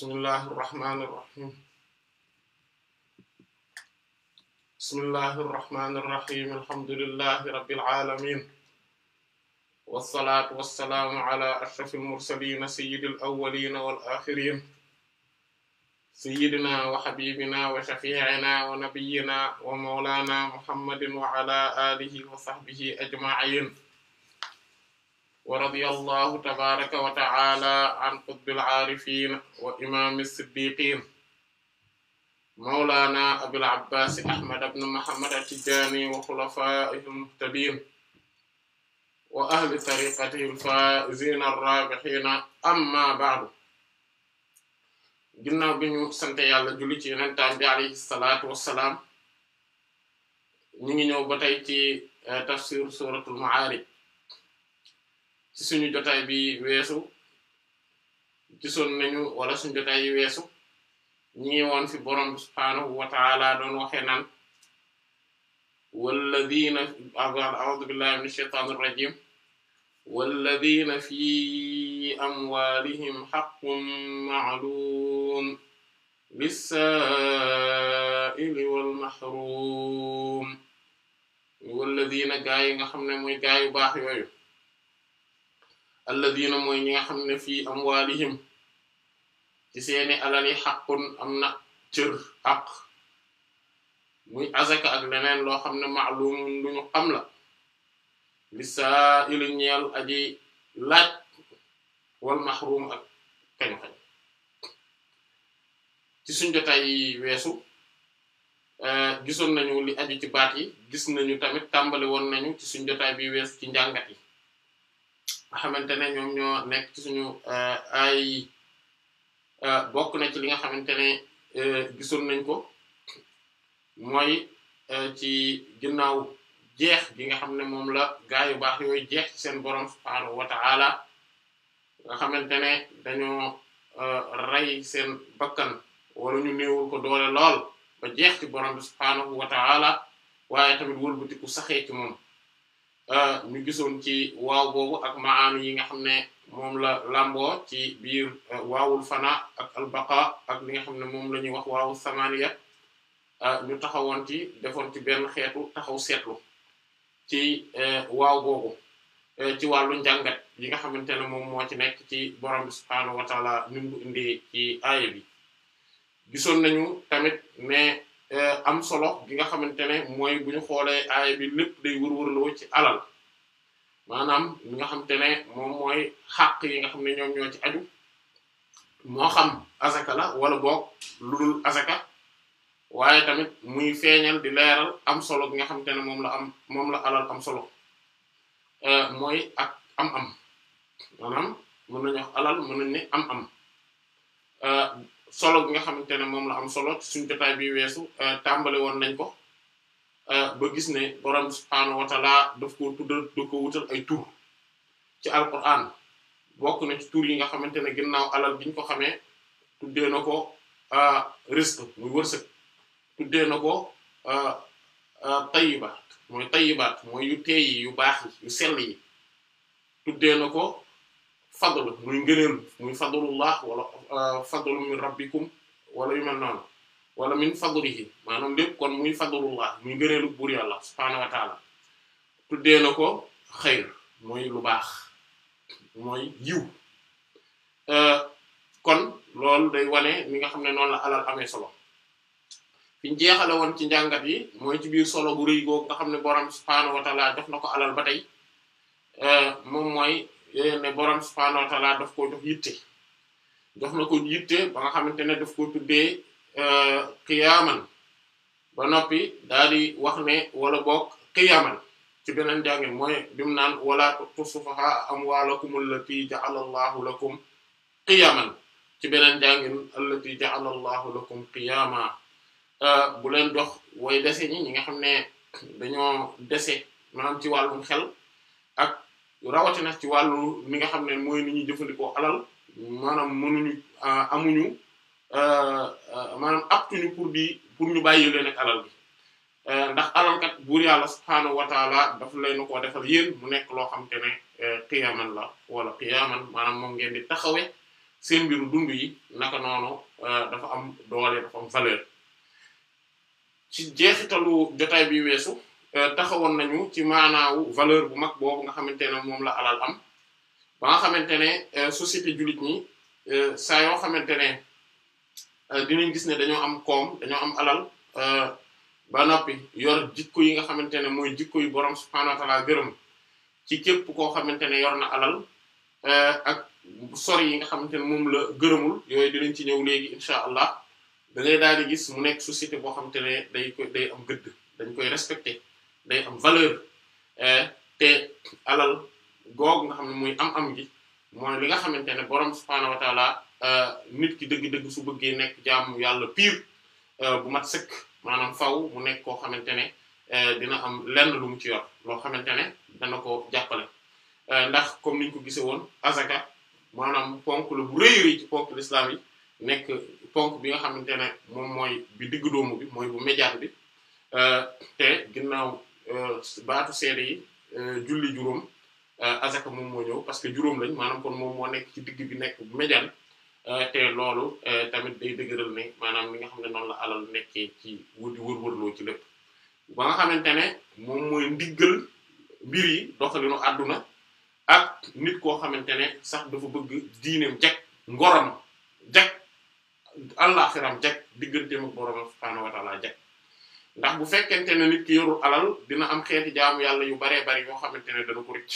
bismillahi irrahmani irrahim bismillahi irrahmani irrahim alhamdulillahi rabbil alamin wasalaatu wasalaamu ala ashraf almursalina sayidi al awalina wal axirin sayidina wa xabibina wa shafiina wa nabiyina wa maulana muhammadin wa ala alihi wa sahbihi ajmain wa radiyallahu tabaraka wa ta'ala an qutbil aarifin wa imami siddiqin mawlana abil abbas ahmad ibn muhammad at-tijani wa khulafaihi al-muhtadin wa ahli tariqatihi al-faizina ar-rabihina amma ba'du ginnaaw bi ñu sante yàlla julli ci yenentaan bi alayhi salaatu wassalaam ñu ngi ñëw ba tey ci eh, tafsir suratul ma'arij suñu jotaay bi weesu gisoon nañu wala suñu jotaay yi weesu ñi woon fi borom subhaanahu wa ta'ala doon waxee naan walladina a'udhu billahi minash shaitanir rajim walladina fi amwalihim haqqun ma'lum lis-sa'ili wal mahrum walladina yi nga xam ne mooy gaa yu baax yooyu alladina mooy ñi nga xam ne fii amwaalihim ci seeni alal yi xaqun am na cër xaq muy azaka ak leneen loo xam ne ma'lum lu ñu xam la lissaa'ili ñeel aji laaj wal mahrum ak kañ-kañ ci suñ jotaay weesu eh, gisoon nañu li aju ci baat yi gis nañu tamit tàmbali woon nañu ci suñ jotaay bi wees ci njàngat yi a xamante ne ñoom ñoo nekk ci suñu euh, ay euh, bokk na ci li nga xamante ne euh, gisoon nañ ko mooy ci ginnaaw jeex gi nga xam ne moom la gaa yu baax yooyu jeex ci seen borom subhaanahu wa ta'ala nga xamante ne dañoo rey seen bakkan wala ñu néewul ko doole lool ba jeex ci borom bi subhaanahu wa ta'ala waaye tamit wëlbatiku saxee ci moom Euh, ñu gisoon ci waaw boobu ak maam yi nga xam ne moom la lamboo ci biir euh, waawul fana ak albaqa ak li nga xam ne moom la ñuy wax waawu samaniya euh, ñu taxawoon ci defoon ci benn xeetu taxaw seetlu ci waaw boobu ci wàllu njàngat yi nga xamante ne moom moo ci nekk ci borom bi subhaanahu wa taala ni indi ci aaya bi gisoon nañu tamit mais Eh, am solo gi nga xamante ne mooy bu ñu xoolee aaya bi lépp day wërwërloo ci alal maanaam li nga xamante ne moom mooy xàq yi nga xam ne ñoom ñoo ci aju moo xam asaka la wala boog lu dul asaka waaye tamit muy feeñal di leeral am solo gi nga xamante ne moom la am moom la alal am solo eh, mooy ak am-am maanaam mën nañu wax alal mën nañu ni am-am eh, solo bi nga xamante ne moom la am solo suñ jotaay bi weesu euh, tàmbali woon nañ ko euh, ba gis ne borom subhaanahu wa taala ko tuddal daf ko wutal ay tur ci alquran bokk na ci tur yi nga xamante ne ginnaaw alal biñ ko xamee tuddee na ko euh, risque muy wërsëg tuddee na ko tayibaat mooy yu teey yi yu baax yi yu sell yi tuddee na ko fadlu muy ngëneelu muy fadlullah wala euh, fadlu min rabbikum wala yu mel noonu wala min fadlihi maanaam lépp kon muy fadlullah muy ngëneelu buur yàlla subhaanahu wa taala na ko xayr mooy lu baax mooy yiw euh, kon loolu day wane mi nga xam ne noonu la alal amee solo fi ñu jeexale woon ci njàngat yi mooy ci biir solo bu rëy nga xam ne borom subhaanahu wa taala def na ko alal ba tey euh, moom mooy ne borom subhaanahu wa ta'ala daf ko jox yitte jox na ko yitte ba nga xamante ne daf ko tuddee euh, qiyaaman ba noppi daal di wax ne wala boog qiyaaman ci beneen jàngin mooy bimu naan wala tu'tu sufahaa amwaalakum lakum qiyaaman ci beneen jàngin allati ja'ala Allahu lakum euh, bu leen jox way dese ñi ñi nga xam ne dañoo dese maanaam ci wàllum xel rawatina ci wàllu mi nga xam ne mooy ni ñuy jëfandikoo alal maanaam mënuñu euh, amuñu euh, euh, maanaam aptuñu pour di pour ñu bàyyi leen ak alal bi ndax alal kat buur yàlla subhaanahu wa taala daf lay na koo defal yéen mu nekk loo xam te ne qiyaaman la wala qiyaaman maanaam moom ngeen di taxawe seen mbiru dund yi naka noonu dafa am doole dafa am valeur ci jeexitalu jotaay bi weesu Euh, taxawoon nañu ci maanaawu valeur bu mag boobu nga xamante ne moom la alal am ba nga xamante ne euh, société jullit ñi euh, saa yoo xamante ne dinañ gis ne dañoo am koom dañoo am alal ba noppi yor jikko yi nga xamante ne mooy jikko yu borom subhaanahu wa ta'aala ci képp koo xamante ne yor na alal ak sori yi nga xamante ne moom la gërëmul yooyu dinañ ci ñëw léegi incha allah da daal di gis mu nekk société boo xamante ne day koy day am gëdd dañ koy respecté. day am valeur eh, te alal googu nga xam ne muy am am gi mooy li nga xamante ne borom subhaanahu wa taala eh, nit ki dëgg-dëgg su bëggee nekk jaamu yàlla piir eh, bu mat sëkk maanaam faw mu nekk koo xamante ne dina am lenn lu mu ci yor loo xamante ne dana ko jàppale ndax comme niñ ko gisee woon azaka maanaam ponk la bu rëy rëy ci ponk l'islam nekk ponk bi nga xamante ne moom mooy bi digg bi mooy bu médiane bi te ginnaaw Euh, baatu seede yi euh, julli juróom euh, azaka moom moo ñëw parce que juróom lañ maanaam kon moom moo nekk ci digg bi nekk médiane te loolu tamit day dëgëral ne maanaam li nga xam ne noonu la alal nekkee ci wër wërwërloo ci lépp ba nga xamante ne moom mooy ndiggal mbir yi doxalinu àdduna ak nit koo xamante ne sax dafa bëgg diineem jag ngoram jag àllaxiram jag digganteem ak borom subhaanahu wa ta'aala jag ndax bu fekkente ne nit yoru alal dina am xeeti jaamu yàlla yu baree bari yoo xamante ne dana ko rëcc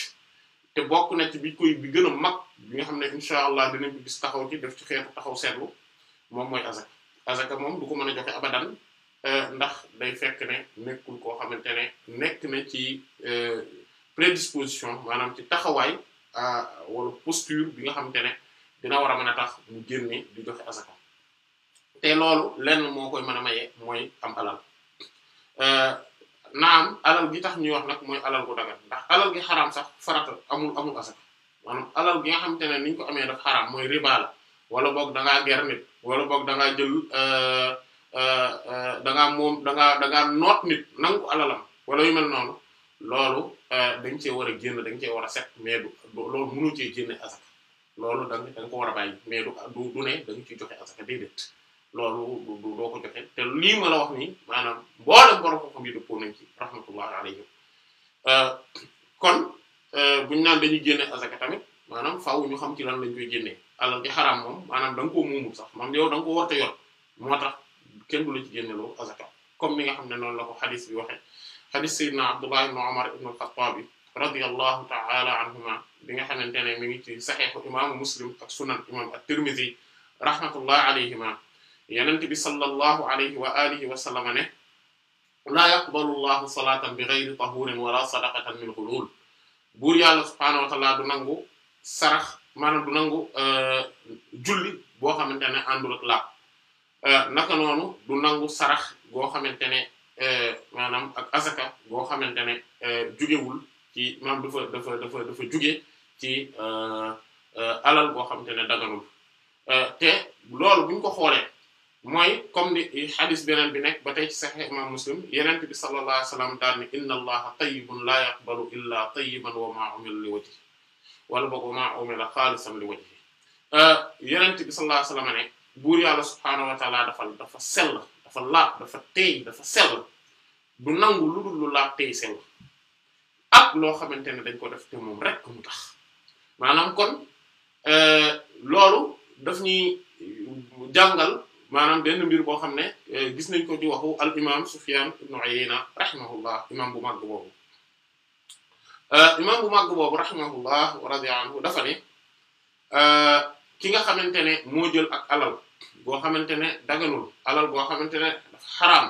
te bokk na ci bi koy bi gën mag bi nga xam ne incha allah dinañ ko gis taxaw ci def ci xeetu taxaw seetlu moom mooy azaka azaka moom du ko mën a joxe abadan euh, ndax day fekk ne nekkul koo xamante ne nekk na ci euh, prédisposition maanaam ci taxawaay euh, wala posture bi nga xamante ne dina war a mën a tax mu génne di joxe azaka te loolu lenn moo koy mën a maye mooy am alal Euh, naam alal gi tax ñuy wax nag mooy alal gu dagan ndax alal gi xaraam sax farata amul amul asaka maanaam alal gi nga xamante ne niñ ko amee daf xaram mooy riba wala boog da ngaa ger nit wala boog da ngaa jël euh, euh, da ngaa moom da ngaa da ngaa noot nit nangu alalam wala yu mel noonu loolu dañ cee war a génn dañ cee war a set mais du loolu mënu cee génne asaka loolu da nga da ko war a bàyyi a du du ne da nga ciy joxe asaka déedéet. loolu du doo ko joxe te lii ma la wax nii maanaam mboolem borom xam-xam yi dëppoo nañ ci rahmatullahi alayhim euh, kon euh, buñu naan dañuy génne azaka tamit maanaam faaw ñu xam ci lan lañ koy génnee alal di xaraam moom maanaam da nga koo muumul sax maanaam yow da nga ko war a yor moo tax kenn du la ci génneloo azaka comme ni nga xam ne noonu la ko xadis bi waxee xadis sayyidina Abdullah ibn Umar ibn al-Khattab radiyallahu ta'ala anhuma bi nga xamante ne mi ngi ci saxiixu imaamu Muslim ak sunan imam at-Tirmidhi rahmatullahi alayhima yenent bi sallallahu alayhi wa alihi wa sallama ne laa yaqbalu llahu salaatan bi ghayri tahurin wala sadaqatan min ghulul buur yàlla subhaanahu wa ta'ala du nangu sarax maanaam du nangu euh, julli boo xamante ne àndul ak laab euh, naka noonu du nangu sarax goo xamante ne euh, maanaam ak asaka goo xamante ne jugewul ci maanaam dafa dafa dafa dafa juge ci alal boo xamante ne daganul te loolu buñ ko xoolee mooy comme ni xadis beneen bi nekk ba tey ci saxiix imam muslim yenent bi sallallahu alayhi wasallam daal ni inna allaha tayyibun la yaqbalu illa tayyiban wa ma umila li wala boog wa ma umila xaalisan li wajhi euh, yenent bi sallallahu alayhi wasallam ne buur yàlla subhaanahu wa taala dafa dafa sell dafa laab dafa teey dafa sell du nangu lu dul lu laab teey sell ak loo xamante ne dañ ko def te moom rek mu tax maanaam kon euh, loolu daf ñuy jàngal maanaam benn mbir boo xam ne eh, gis nañ ko ci waxu al imam Sufyan ibn Uyayna rahimahullah imam bu màgg boobu eh, imam bu màgg boobu rahimahullah wa radiya anhu dafa ne eh, ki nga xamante ne moo jël ak alal boo xamante ne daganul alal boo xamante ne dafa xaraam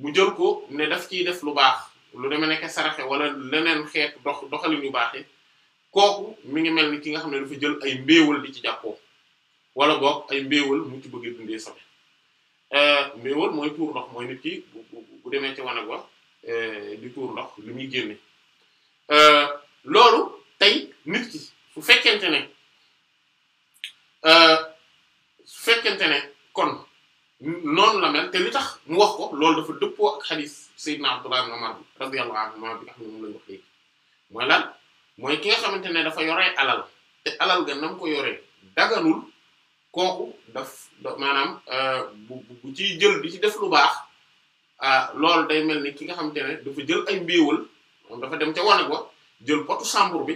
bu jël ko ne daf ciy def lu baax lu deme nekk saraxe wala leneen xeet dox doxalin yu baax yi kooku mi ngi mel ni ki nga xam ne dafa jël ay mbéewal di ci jàppoo wala boog ay mbéewal mu ci bëgg a dundee sobe euh, mbéewal mooy tuur ndox mooy nit ki bu demee ci wanag wa euh, di tuur ndox li ñuy génne euh, loolu tey nit ki su fekkente ne su fekkente ne kon noonu la mel te li tax mu wax ko loolu dafa dëppoo ak xadiis Seydina Abdullah ibn Umar bi radiyallahu anhu ma bi nga xam ne moom lañ wax mooy lan mooy ki nga xamante ne dafa yoree alal te alal ga nam ko yoree daganul kooku daf maanaam euh, bu bu ciy jël di ci def lu baax ah, loolu day mel ni ki nga xamante ne dafa jël ay mbiiwal dafa dem ca wanag wa jël potu sàmbur bi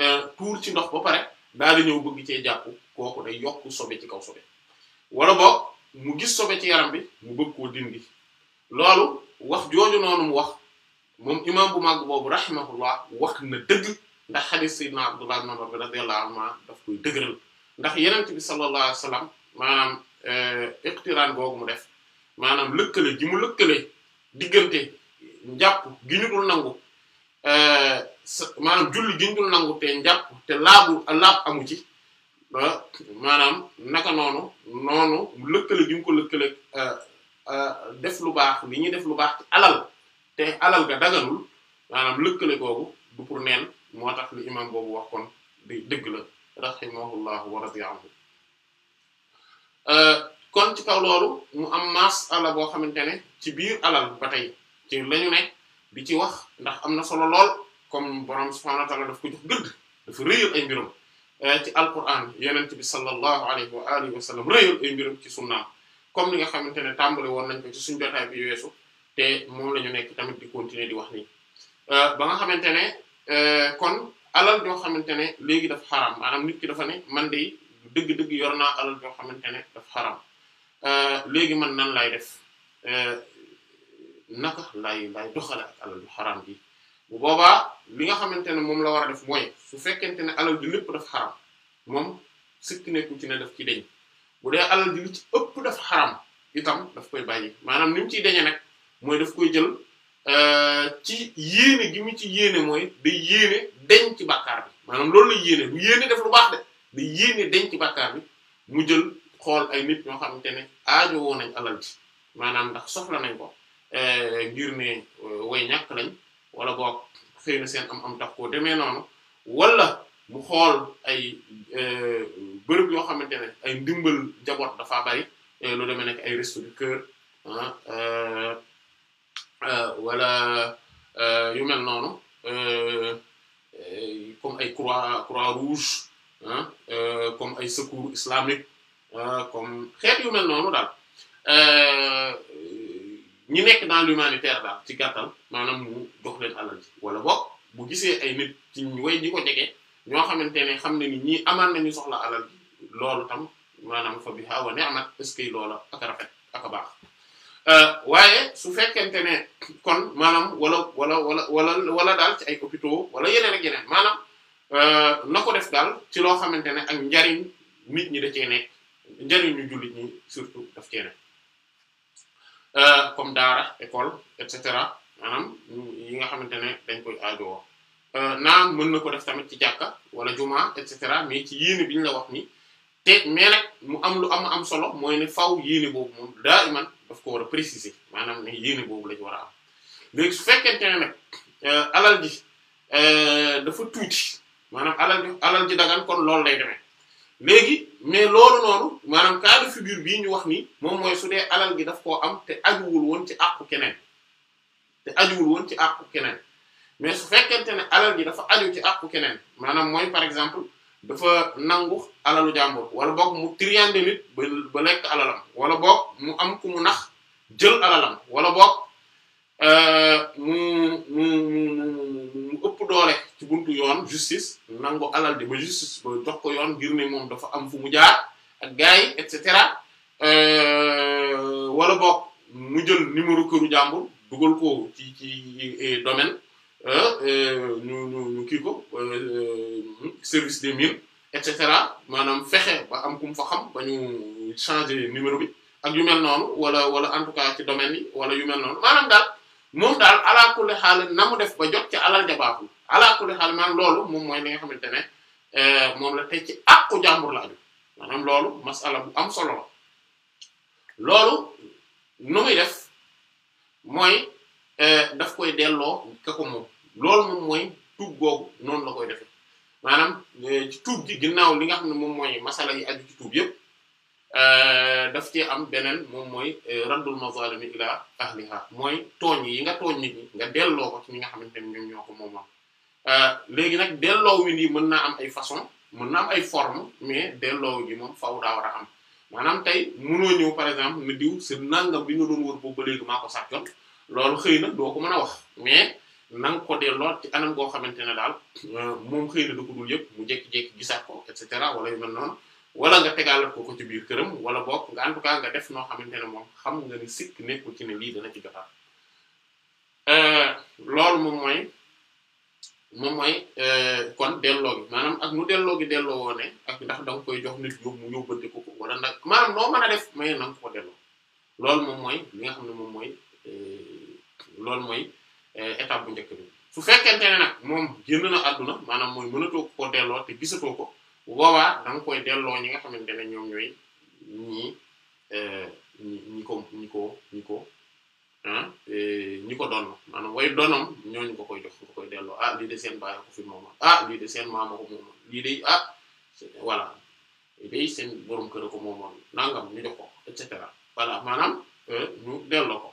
euh, tuur ci ndox ba pare daal di ñëw bëgg cee jàpp kooku day yokk sobe ci kaw sobe wala boog mu gis sobe ci yaram bi mu bëgg koo dindi loolu wax jooju noonu mu wax moom imam bu mag boobu rahimahullah wax na dëgg ndax hadith na Abdullah ibn Umar radiyallahu anhu daf koy dëgëral ndax yenent bi sallallahu alayhi wa sallam maanaam euh, iqtiraan googu mu def maanaam lëkkale ji mu lëkkale diggante njàpp gi ñu dul nangu euh, maanaam julli gi ñu dul nangu te njàpp te laabu laab amu ci maanaam naka noonu noonu lëkkale gi ko lëkkale euh, def lu baax li ñuy def lu baax ci alal te alal ga daganul maanaam lëkkale googu du pour neen moo tax lu imam boobu wax kon dëgg la rahimahullah wa radiya anhu euh, kon mu am mas ala boo xamante ne ci biir alal ba tey ci lañu ne bi ci wax ndax am na solo lool comme borom subhanahu wa ta'ala daf ko jox gëdd dafa ay mbirum euh, ci alquran yenent bi sallallahu alayhi wa alihi wa sallam rëyal ay mbirum ci sunnaam comme li nga xamante ne tàmbali woon nañ ko ci suñu jotaay bi weesu te moom la ñu nekk tamit di continuer di wax nii euh, ba nga xamante ne kon alal joo xamante ne léegi dafa xaram maanaam nit ki dafa ne man de dëgg-dëgg yor naa alal joo xamante ne dafa xaram euh, léegi man nan lay def euh, naka laay laay doxale ak alal ju xaram bi bu boobaa li nga xamante ne moom la war a def mooy su fekkente ne alal ji lépp daf xaram moom sikk nekku ci ne daf ci deñ bu dee alal ji li ci xaram itam daf koy bàyyi maanaam ni mu ciy deñe nag mooy daf koy jël Euh, ci yéene gi mu ci yéene mooy day yéene deñ ci bàkkaar bi maanaam loolu la yéene bu yéene def lu baax de day yéene deñ ci bi mu jël xool ay nit ñoo xamante ne aajo woo nañ alal ji maanaam ndax soxla nañ ko euh, ngir ne euh, way ñàkk lañ wala boog xëy na seen am am tax koo demee noonu walla bu xool ay bërëb yoo xamante ne ay ndimbal njaboot dafa bari lu demee nekk ay resto du ah, wala euh, euh, yu mel noonu euh, comme ay croix croix rouge comme ay secours islamique comme xeet yu mel noonu daal ñi nekk dans l'humanitaire daal ci gàttal maanaam mu jox leen alal ji wala boog bu gisee ay nit ci way ñi ko jege ñoo xamante ne xam ne ni ñii amaan nañu soxla alal ji loolu tam maanaam fa biha wa ni'mat est-ce que loola ak a rafet ak a baax Euh, waaye su fekkente ne kon maanaam wala wala wala wala wala daal ci ay hôpitaux wala yeneen ak yeneen maanaam euh, na ko def daal ci loo xamante ne ak njariñ nit ñi da cee nekk njariñ surtout def cee nekk euh, comme daara école et cetera maanaam yi nga xamante ne dañ koy aajowoo naam mën na ko def tamit ci jàkka wala juma et cetera mais ci yéene biñ ñu la wax ni te mais mu am lu am am solo mooy ne faw yéene boobu moom daa iman daf ko war a préciser maanaam ne yéene boobu la ñu war a am léegi su fekkente ne nag euh, alal euh, dafa tuuti maanaam alal alal ji dagan kon loolu lay demee léegi mais loolu noonu maanaam cas de figure bii ñu wax nii moom mooy su dee alal gi daf koo am te ajuwul woon ci àqu keneen te ajuwul woon ci àqu keneen mais su fekkente ne alal gi dafa aju ci àqu keneen maanaam mooy par exemple dafa nangu alalu jàmbur wala boog mu triande nit ba ba lekk alalam wala boog mu am ku mu nax jël alalam wala boog euh, mu mu ëpp doole ci buntu yoon justice nangu alal di ba justice ba jox ko yoon ngir ne moom dafa am fu mu jaar ak yi et cetera euh, wala boog mu jël numéro këru jàmbur dugal ko ci ci eh, domaine Euh, ñu ñu ñu kii ko euh, euh, service des mines et cetera maanaam fexe ba am kum fa xam ba ñu changer numéro bi ak yu mel noonu wala wala en tout cas ci domaine bi wala yu mel noonu maanaam daal moom daal ala kulli xaal na def ba jot ci alal ja baaxul ala kulli loolu moom mooy li nga xamante ne moom la te ci àqu jàmbur la aju loolu masala bu am solo loolu nu def mooy. Eh, daf koy delloo ka ko moom loolu moom mooy tuub googu noonu la koy defe maanaam eh, ci tuub gi ginnaaw li nga xam ne moom mooy masala yi aju ci tuub yëpp eh, daf cee am beneen moom mooy raddul mazalimi ila ahliha mooy tooñ yi nga tooñ nit ñi nga delloo ko ci ñi nga xamante ne ñoom ñoo ko moom moomoon léegi nag delloo wi nii mën naa am ay façon mën naa ay forme mais delloo gi moom faaw daa war a am maanaam tey mënoo ñëw par exemple ne diw sa nangam bi nga doon wër boobu ba léegi maa ko sàccoon loolu xëy na doo ko mën a wax mais na nga ko delloo ci anam goo xamante ne daal euh, moom xëy na du yëpp mu jékki-jékki gisaat ko et cetera wala yu mel noonu wala nga tegalat ko ko ci biir këram wala boog nga en tout cas nga def noo xamante ne moom xam nga ni sikk nekkul ci ne lii dana ci jotaat euh, loolu moom mooy moom mooy euh, kon delloo maanaam ak nu delloo gi delloo woo ne ak ndax koy jox nit yóbbu mu yóbbante wala ndax maanaam a def mais na nga ko delloo loolu moom mooy nga xam ne moom mooy. loolu mooy euh, étape bu njëkk bi su fekkente ne nag moom génn na àdduna maanaam mooy mënatoo ko delloo te gisatoo ko bu boobaa da koy delloo ñi nga xamante ne ñoom ñooy ñi euh, ñi ko ñi ko ñi ko ah euh, ñi ko doon maanaam way ñoo ñu ko koy jox nga koy delloo ah lii de seen baay ko fi mooma ah lii de seen maama ko mooma lii de ah voilà day seen borom kër ko moomoon nangam ñu jox ko et cetera maanaam ñu delloo ko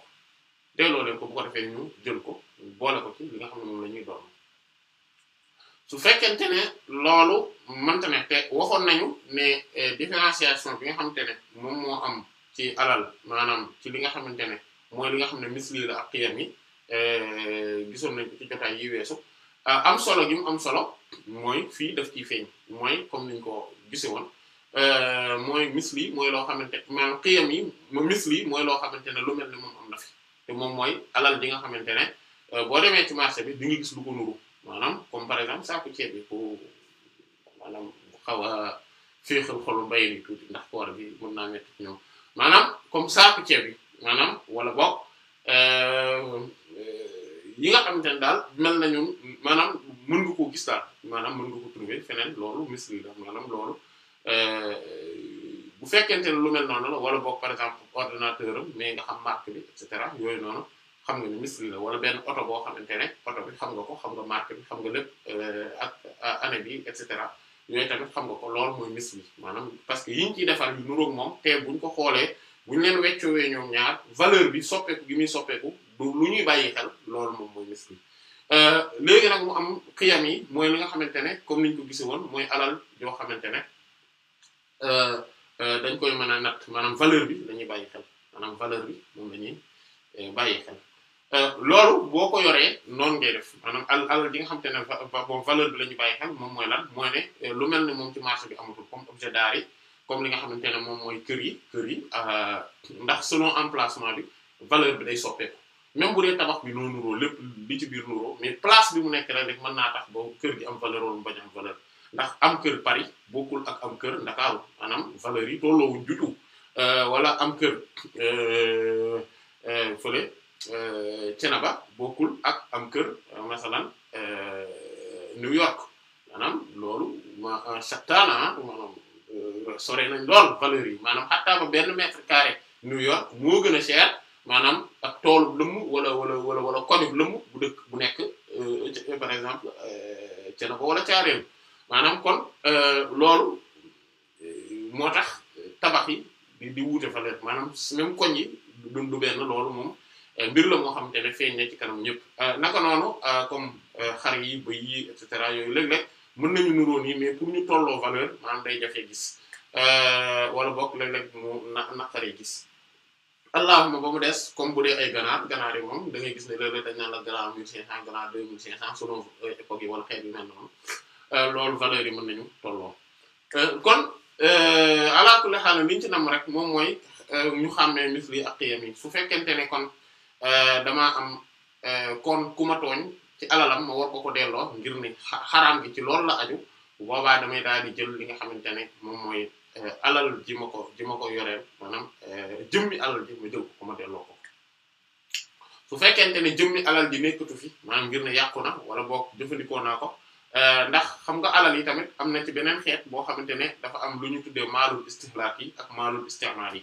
delloo leen ko bu ko defee ñu jël ko boole ko ci li nga xam ne moom la ñuy doon su fekkente ne loolu mënta ne te waxoon nañu ne eh, différenciation bi nga xamante ne moom moo am ci alal maanaam ci li nga xamante ne mooy li nga xam ne misli la ak xiyam yi eh, gisoon nañ ko ci jotaay ah, solo gi am solo mooy fii daf ciy feeñ mooy comme niñ ko gise woon eh, mooy misli mooy loo xamante maanaam xiyam yi misli mooy loo xamante ne lu mel ne moom am na fi te moom mooy alal ji nga xamante ne euh, boo demee ci marché bi di nga gis lu ko nuru maanaam comme par exemple saako ceeb bi ku maanaam xaw a féexal xolu mbay mi tuuti ndax koor bi mën naa métti ci ñoom maanaam comme saako ceeb bi maanaam wala boog euh, euh, yi nga xamante ne daal mel nañu maanaam mën nga koo gis maanaam mën nga ko trouver feneen loolu misri la maanaam loolu. bu fekkente ne lu mel noonu la wala boog par exemple ordinateur am mais nga xam marque bi et cetera yooyu noonu xam nga ni misli la wala benn oto boo xamante ne oto bi xam nga ko xam nga marque bi xam nga lépp euh, ak euh, année bi et cetera yooyu tamit xam nga ko lool mooy misli maanaam parce que yi yiñ ciy defar yu nuroog moom te buñ ko xoolee buñ leen weccoowee ñoom ñaar valeur bi soppeeku gi muy soppeeku du lu ñuy bàyyi xel lool moom mooy misli euh, léegi nag mu am xiyam yi mooy li nga xamante ne comme niñ ko gise woon mooy alal yoo xamante ne Euh, dañ koy mën a nat maanaam valeur bi la ñuy bàyyi xel maanaam valeur bi moom la ñuy euh, bàyyi xel euh, loolu boo ko yoree noonu ngay def maanaam al alal nga xam te ne bon valeur bi la ñuy bàyyi xel moom mooy lan mooy ne lu mel ne moom ci marché bi amatul comme objet d'art yi comme li nga xamante ne moom mooy kër yi kër yi ndax selon placement bi valeur bi day soppeeku même bu dee tabax bi noo nuroo lépp li ci biir nuroo mais place bi mu nekk rek man naa tax ba kër gi am valeur wala mu ndax am kër Paris bokkul ak am kër Ndakaaru maanaam valeur yi tolloowuñ du tout euh, wala am kër euh, euh, fële Cenaba bokkul ak am kër masalan New York maanaam loolu ma chattaana ah, maanaam nañ lool valeur yi maanaam xattaa benn mètre carré New York moo gën a cher maanaam ak toolu lëmm wala wala wala wala koñu lëmm bu dëkk bu nekk par exemple Cenaba wala Caaroy maanaam kon euh, loolu euh, moo tax tabax yi di di wuute fa leer maanaam même koñ yi du du loolu moom euh, mbir la moo xamante ne feeñ na ci kanam ñëpp naka noonu comme xar yi bëy yi et cetera yooyu léeg-léeg mën nañu nuróon yi mais pour ñu tolloo valeur maanaam day jafe gis wala bokk léeg-léeg mu na naqaree gis allahuma ba mu des comme bu dee ay ganaar ganaar yi moom da ngay gis ne léeg-léeg dañ naan la ganaar mille cinq cent ganaar deux mille cinq cent selon yi wala xeet yu noonu Euh, loolu valeur yi mën nañu tolloo euh, kon euh, ala kulli xaal ci nam rek moom mooy ñu xàmmee misli ak qiyam yi su fekkente ne kon dama am kon ku ma tooñ ci alalam ma war ko ko delloo ngir ne xaraam gi ci loolu la aju boobaa damay daal di jël li nga xamante ne moom mooy alal ji ma ko ji ko yoreel maanaam jëmmi alal ji ma jël ko ma delloo ko su fekkente ne alal ji nekkatu fi maanaam ngir ne yàqu na wala bo jëfandikoo naa ko Euh, ndax xam nga alal yi tamit am na ci beneen xeet boo xamante ne dafa am lu ñu tuddee maalul istihlaak yi ak maalul istimaal yi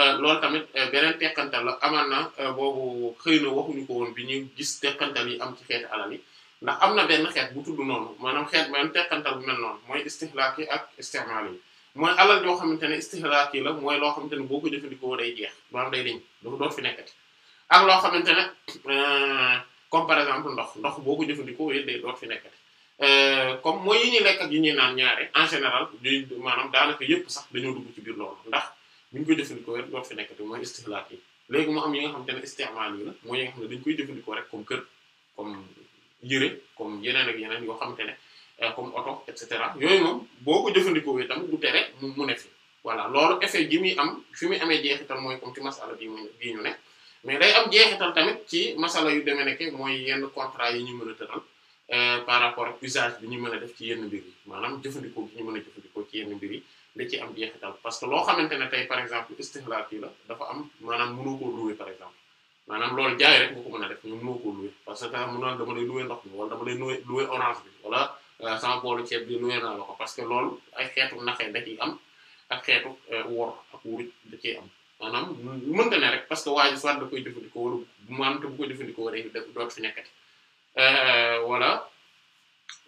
euh, loolu tamit euh, beneen tekkantal la amaan na boobu xëy waxuñu ko bi ñuy gis tekkantal yi am ci yi ndax am na benn xeet bu tudd noonu maanaam xeet benn tekkantal bu mel noonu mooy istihlaak yi ak istimaal yi mooy alal yoo xamante ne istihlaak yi la mooy loo xamante ne boo ko jëfandikoo day jeex maanaam day deñ dafa doon fi nekkati am loo xamante ne comme par exemple ndox ndox boo ko jëfandikoo day doon fi nekkati Euh, comme mooy yi ñuy lekk ak yi ñuy naan ñaare en général du maanaam daanaka yëpp sax dañoo dugg ci biir loolu ndax bu ñu koy jëfandikoo rek doo fi nekkati mooy istihlaat yi léegi mu am nga xam ne istimaal yi la mooy koy jëfandikoo rek comme kër comme yëre comme yeneen ak yeneen yoo xam ne euh, comme oto et cetera yooyu moom boo ko jëfandikoo itam du tere mu ne fi voilà loolu effet ji muy am fi muy amee jeexital mooy comme ci masala bi bii ñu ne mais day am jeexital tamit ci masala yu demee nekk mooy yenn contrat yi ñu mën a tëral Euh, par rapport ak usage bi ñu mën a def ci yenn mbir yi maanaam jëfandikoo bi ñu mën a jëfandikoo ci yenn mbir yi da ci am jeexital parce que loo xamante ne tey par exemple istihlaak yi la dafa am maanaam mënoo koo louer par exemple maanaam loolu jaay rek nga ko mën a def ñu mënoo koo louer parce que mën naa dama lay louer ndox mi wala dama lay louer orange bi wala euh, sama boolu ceeb bi louer naa la parce que loolu ay xeetu naxee da ciy am ak xeetu euh, wor ak wuruj da ciy am maanaam mënta ne rek parce que waa ji koy jëfandikoo wala bu maanaam te bu koy jëfandikoo wala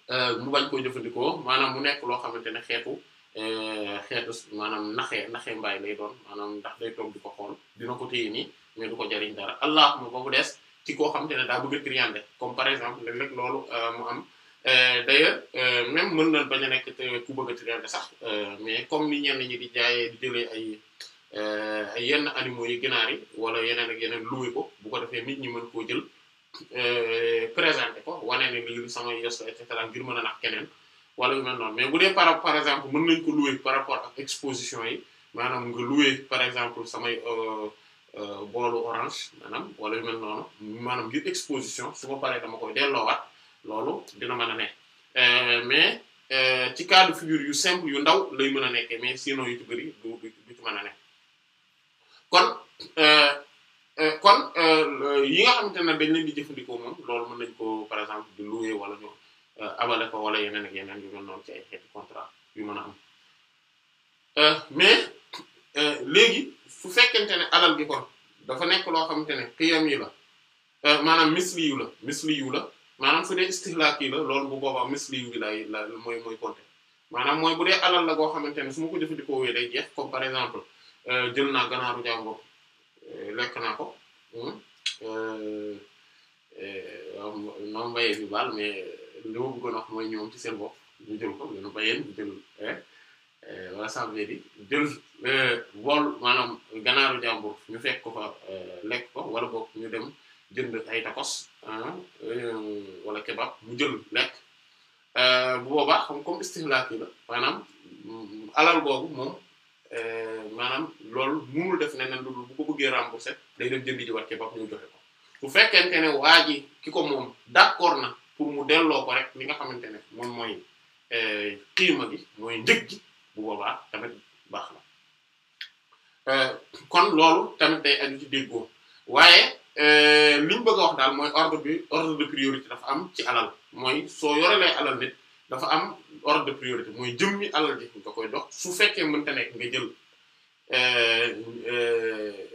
euh, euh, mu bañ koo jëfandikoo maanaam mu nekk loo xamante ne xeetu euh, xeetu maanaam naxee naxee mbaay lay doon maanaam ndax day toog di ko xool dina ko téye nii mais du ko jariñ dara allahuma ba mu des ci koo xamante ne daa bëgg a triander comme par exemple léeg-léeg loolu mu am d'ailleurs même mën na bañ a nekk ku bëgg a triander sax mais comme ni ñenn ñi di jaayee di ay ay yenn animaux yi ginaar yi wala yeneen ak yeneen luwe ko bu ko defee nit ñi mën koo jël. Euh, présenté ko wane ne mi ngi sama geste et ngir mën a nax keneen wala yu mel noonu mais bu dee par par exemple mën nañ ko louer par rapport ak exposition yi maanaam nga louer par exemple samay euh, euh, boolu orange maanaam wala yu mel noonu maanaam ngir exposition su ma paree dama koy delloowaat loolu dina mën a ne mais ci cas de yu simple yu ndaw lay mën a nekkee mais sinon yu ci bëri du du ci ne kon. Euh, kon euh, yi nga xamante ne dañ leen di jëfandikoo moom loolu mën nañ ko par exemple di louer wala ñu euh, abale ko wala yeneen ak yeneen yu mel noonu ci ay xeeti contrat yu mën a am mais léegi su fekkente ne alal gi kon dafa nekk loo xamante ne xiyam yi la maanaam misli yu la misli yu la maanaam su dee istihlaak yi la loolu bu boobaa misli yu bi la mooy mooy compter maanaam mooy bu dee alal la goo xamante ne su ma ko jëfandikoo wee day jeex comme par exemple jël naa ganaaru jàmbur Eh, lekk naa ko noom mbayeen yu baal mais li ma bëggoon wax mooy ñoom ci seen bopp mu jël ko lenu mbayeen ñu jël eh, eh, wala sanvee di jël bool maanaam ganaaru jàmbur ñu fekk ko fa lekk ko wala boog ñu dem jënd ay tacos ah, wala kebab mu jël lekk bu boobaa xam comme istihlaak yi la maanaam mm, alal googu moom Euh, maanaam loolu munul def neneen lu dul bu ko bëggee rembourser day dem jëndi ji wat ci bopp ñu joxe ko bu fekkente ne waa ji ki ko moom d'accord na pour mu delloo ko rek li nga xamante ne moom mooy euh, xiima gi mooy njëg gi bu boobaa tamit baax na euh, kon loolu tamit day aju ci déggoo waaye li ñu bëgg a wax daal mooy ordre bi ordre de priorité dafa am ci alal mooy soo yorelee alal nit dafa am ordre de priorité mooy jëmmi alal ji nga koy dox su fekkee mënta ne nga jël euh, euh,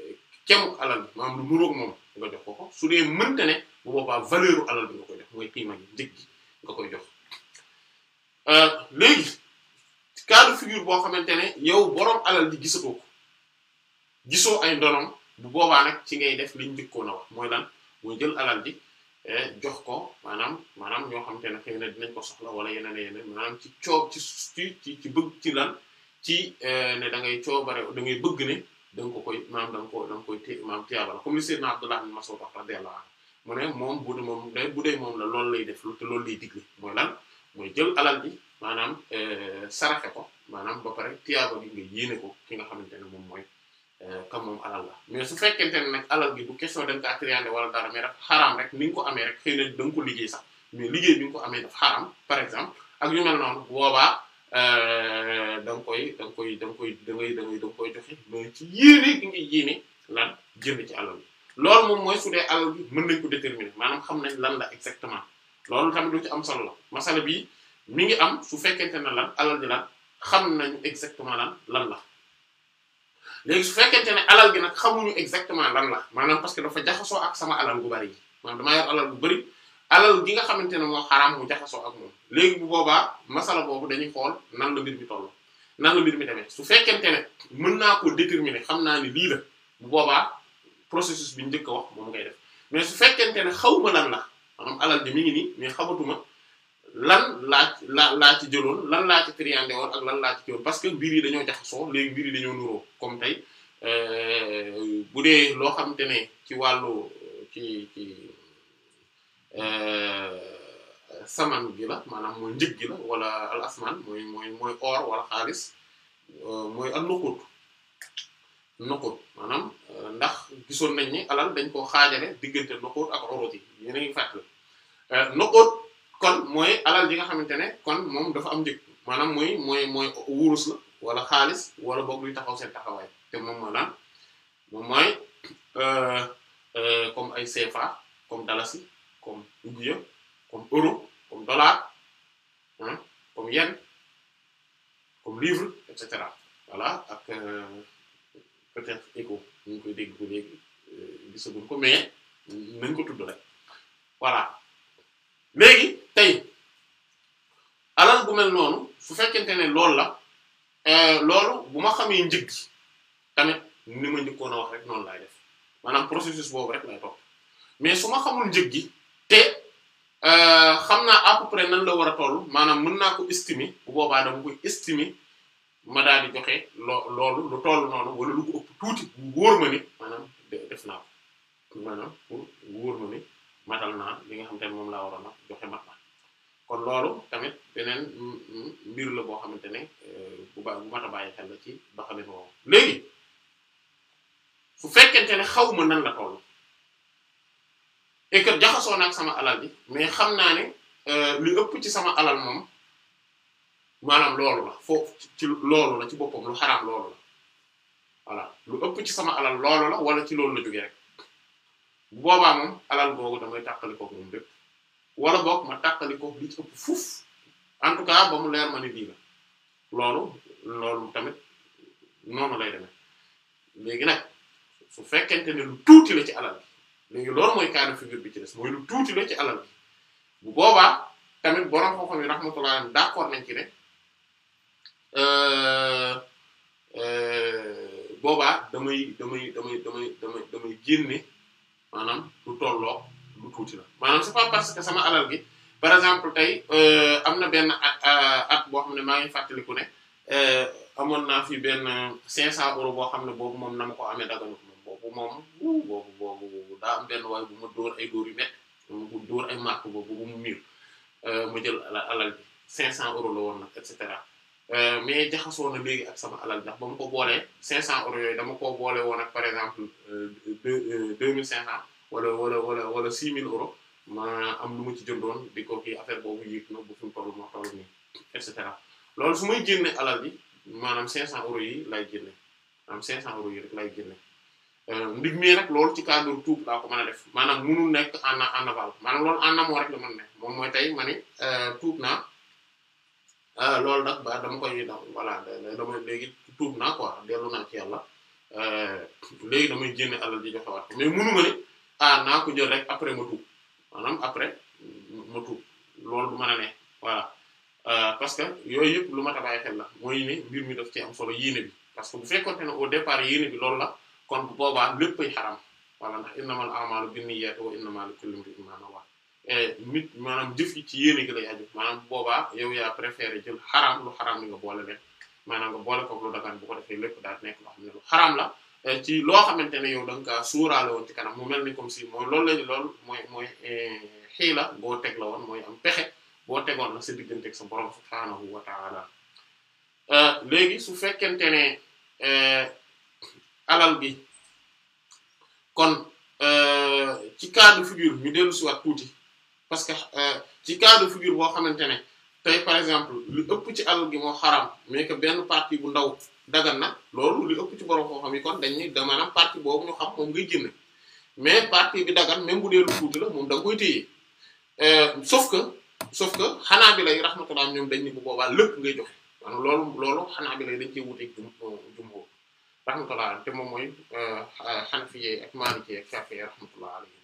kemu alal bi maanaam lu nuróog moom nga jox ko ko su dee mënta ne bu boobaa valeuru alal bi nga koy jox mooy qiima gi njëg gi nga koy jox euh, léegi cas de boo xamante ne yow boroom alal ji gisatoo ko gisoo ay ndonom bu boobaa nag ci ngay def liñ njëkkoon a wax mooy lan mooy jël alal ji Eh, jox ko maanaam maanaam ñoo xam te ne xëy na dinañ ko soxla wala yeneen yeneen maanaam ci coob ci ci ci bëgg ci lan ci eh, ne da ngay coobare da ngay bëgg ne da nga ko koy maanaam ko da nga koy té maanaam tiyaabala comme li Seydina Abdullah ibn Mas'ud radiyallahu anhu mu ne moom bu dee moom bu dee moom la loolu lay def te loolu lay digle mooy lan mooy jël alal bi maanaam eh, saraxe ko maanaam ba pare tiyaaba bi nga yéene ko ki nga xamante ne moom mooy Euh, comme moom alal la mais su fekkente ne nag alal gi du question da nga ko attriandé wala dara mais dafa xaraam rek ni nga ko amee rek xëy na da nga ko liggéey sax mais liggéey bi nga ko amee dafa par exemple ak yu noonu boobaa euh, da nga koy da nga koy da nga koy da ngay ci yéene gi nga yéene lan jënd ci alal bi loolu moom mooy su dee alal bi mën nañ ko déterminer maanaam xam nañ lan la exactement loolu tamit lu ci am solo la masala bi mi ngi am su fekkente ne lan alal di lan xam nañ exactement lan lan la léegi su fekkente ne alal gi nag xamuñu exactement lan la maanaam parce que dafa jaxasoo ak sama alal gu bari maanaam damaa yor alal gu bari alal gi nga xamante ne moo xaraam mu jaxasoo ak moom léegi bu boobaa masala boobu dañuy xool nan la mbir mi toll nan la mi demee su fekkente ne mën naa koo déterminer xam naa ni lii la bu boobaa processus bi njëkk a wax moom ngay def mais su fekkente ne xaw ma lan la maanaam alal ji mi ngi mais xamatuma lan laa laa laa ci jëloon lan laa ci triandé woon ak lan laa ci jëloon parce que mbir yi dañoo jaxasoo léegi mbir yi dañoo nuroo kom tey euh, bu dee loo xamante ne ci wàllu ci ci euh, saman gi la maanaam mooy njëg gi la wala al asman mooy mooy mooy or wala xaalis euh, mooy ak nuqut nuqut maanaam ndax gisoon nañ ni alal dañ koo xaajale diggante nuqut ak urut yi yéen a ngi alal ji nga xamante ne kon moom dafa am njëg maanaam mooy mooy mooy wurus la wala xaalis wala boog luy taxaw seen taxawaay te moom mooy lan moom mooy euh, euh, comme ay CFA comme dalasi comme rupiah comme euro comme dollar ah yen comme livre et cetera ak euh, peut-être éco ñu ngi koy dégg bu léegi ko mais nañ ko tudd rek voilà léegi tey. alal gu mel noonu su fekkente ne loolu la euh, loolu bu ma xamee njëg gi tamit ni ma njëkkoon a wax rek noonu laay def maanaam processus boobu rek lay mais su ma xamul njëg gi te euh, xam naa à peu près war a toll maanaam mën naa ko estimer bu boobaa dama koy estimer ma daal di joxe loo loolu lu toll noonu wala lu ko ëpp tuuti bu wóor ma ni maanaam def naa ko maanaam wóor ma ni matal naa li nga xam te ne moom laa waroon a joxe mat na kon loolu tamit beneen mbir la boo xamante ne euh, bu ba bu mat a bàyyi xel la ci doxalin woowu léegi su fekkente ne xaw ma nan la toll et que ak sama alal bi mais xam naa ne euh, li ëpp ci sama alal moom maanaam loolu la foofu ci loolu la ci boppam lu xaraam loolu la voilà lu ëpp ci sama alal loolu la wala ci loolu la jógee rek boobaa moom alal boobu damay tàqali kooku moom lépp wala boog ma tàqali ko li ci tout cas ba mu leer ma ni lii loolu loolu tamit noonu lay demee léegi nag su fekkente ne lu tuuti la ci alal bi léegi loolu mooy cas de figure bi ci des mooy lu tuuti la ci alal bu boobaa tamit borom xam-xam yi rahmatullah alayhi d'accord nañ ci ne euh, euh, boobaa damay damay damay damay damay damay génne maanaam lu tolloo. lu tuuti la maanaam que sama alal gi par exemple euh, am na benn at boo xam ne maa ngi fàttaliku ne euh, amoon naa fi benn 500 euros boo xam ne boobu moom na ma ko amee daganut moom boobu moom boobu boobu daa benn waay ma dóor ay dóor yu métti bu dóor ay marque boobu bu mu miir euh, ma jël alal bi 500 euros la woon na et cetera mais jaxasoo na léegi ak sama alal ndax ba mu ko boolee 500 euros yooyu dama koo boole woon ak par exemple deux deux mille wala wala wala wala six mille euros ma am lu ma ci jëndoon di ko kii affaire boobu yéeg na bu fi mu toll ma toll nii et cetera su may génne alal bi maanaam cinq cent euros yi lay génne maanaam cinq rek lay euh, ci cadre tuub laa ko mën a def maanaam munul nekk en en aval maanaam loolu en amont rek la mën ne moom mooy tey ma ne euh, tuub naa euh, loolu nag ba dama koy daw voilà dama léegi tuub naa quoi dellu naa ci yàlla léegi damay génne alal di joxewaat mais munu ma ah naa ko jël rek après ma tuub maanaam après ma tuub loolu du mën a ne voilà euh, parce que yooyu yëpp lu ma ta bàyyi xel la mooy ne mbir mi daf ci am solo yéene bi parce que bu fekkonte ne au départ yéene bi loolu la kon bu boobaa léppay xaram voilà ndax innamal a'malu binniyati wa innamal likulli imrin ma nawa nit maanaam jëf yi ci yéene gi lay aju maanaam bu boobaa yow yaa préféré jël xaram lu xaram li nga boole leen maanaam nga boole ko lu dagan la Euh, ci loo xamante ne yow da nga suuraale woon ci kanam mu mel ni comme si mooy loolu lañu loolu mooy mooy euh, xiila boo teg la woon mooy am pexe boo tegoon la sa digganteeg sa borom subhaanahu wa taala euh, léegi su fekkente ne alal bi kon ci cas de figure ñu dellu si tuuti parce que ci cas de figure boo xamante ne tey par exemple lu ëpp ci alal gi moo xaram mais que benn partie bu ndaw dagan na loolu li ëpp ci borom koo xam yi kon dañ ne maanaam partie boobu ñu xam moom ngay na mais partie bi dagan même bu dee lu la moom da nga koy téye euh, sauf que sauf que xanaa bi lay rahmatullah ñoom dañ ne bu boobaa lépp ngay joxe maanaam loolu loolu xanaa bi lay dañ cee wuteeg jum jumbo rahmatullah te moom mooy xanfiyee euh, ak maalikee ak shafiyee rahmatullah alayhi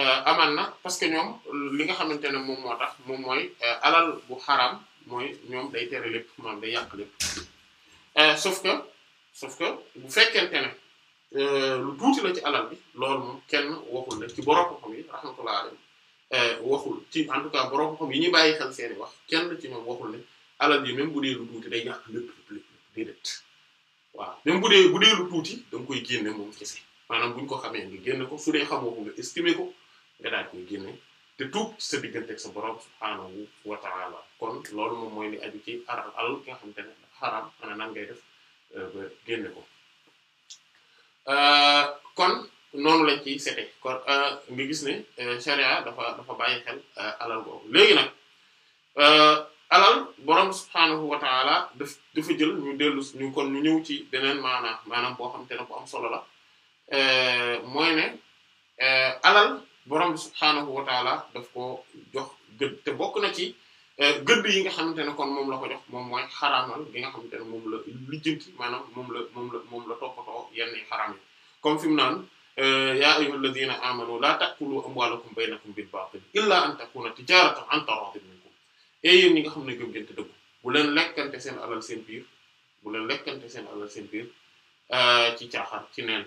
euh, amaan na parce que ñoom li nga xamante ne moom moo tax moom mooy alal bu xaram mooy ñoom day tere lép maanaam day yàq lépp Euh, sauf que sauf que bu fekkente ne euh, lu tuuti la ci alal bi loolu kenn waxul ne ci borom xam yi rahmatullah euh, waxul ci en tout cas borom yi ñuy bàyyi xel seeni wax kenn ci ñoom waxul ne alal yi même bu dee lu tuuti day yàq bu dee bu dee lu tuuti da koy génne moom kese maanaam bu ñu ko xamee nga génne ko su dee xamoo ko nga estimé ko nga daal koy génne te tuub sa diggante ak sa borom subhaanahu wa ta'ala kon loolu moom mooy ni aju ci aral alal ki nga xamante ne xaraam ana nan ngay def euh, ba génne ko euh, kon noonu lañ ciy sete kon euh, gis ne sharia dafa dafa bàyyi xel alal boobu léegi nag alal borom subhaanahu wa taala daf jël ñu dellu ñu kon ñu ñëw ci beneen maanaam maanaam boo xam solo la mooy ne alal borom subhaanahu wa taala ko jox te bokk na ci Euh, gëdd yi nga xamante ne kon moom la ko jox moom mooy xaraamal gi nga xamante ne moom la lijjanti maanaam moom la moom la moom la toppatoo yenn xaraam yi comme fi mu naan euh, yaa ayyuhal ladina amanu la ta'kulu amwalakum baynakum bil batil illa an takuna tijaratan an taradin minkum e yéen ñi nga xam ne gëm ngeen te dëggu bu leen lekkante seen alal seen biir bu leen lekkante seen alal seen biir euh, ci caaxaan ci neen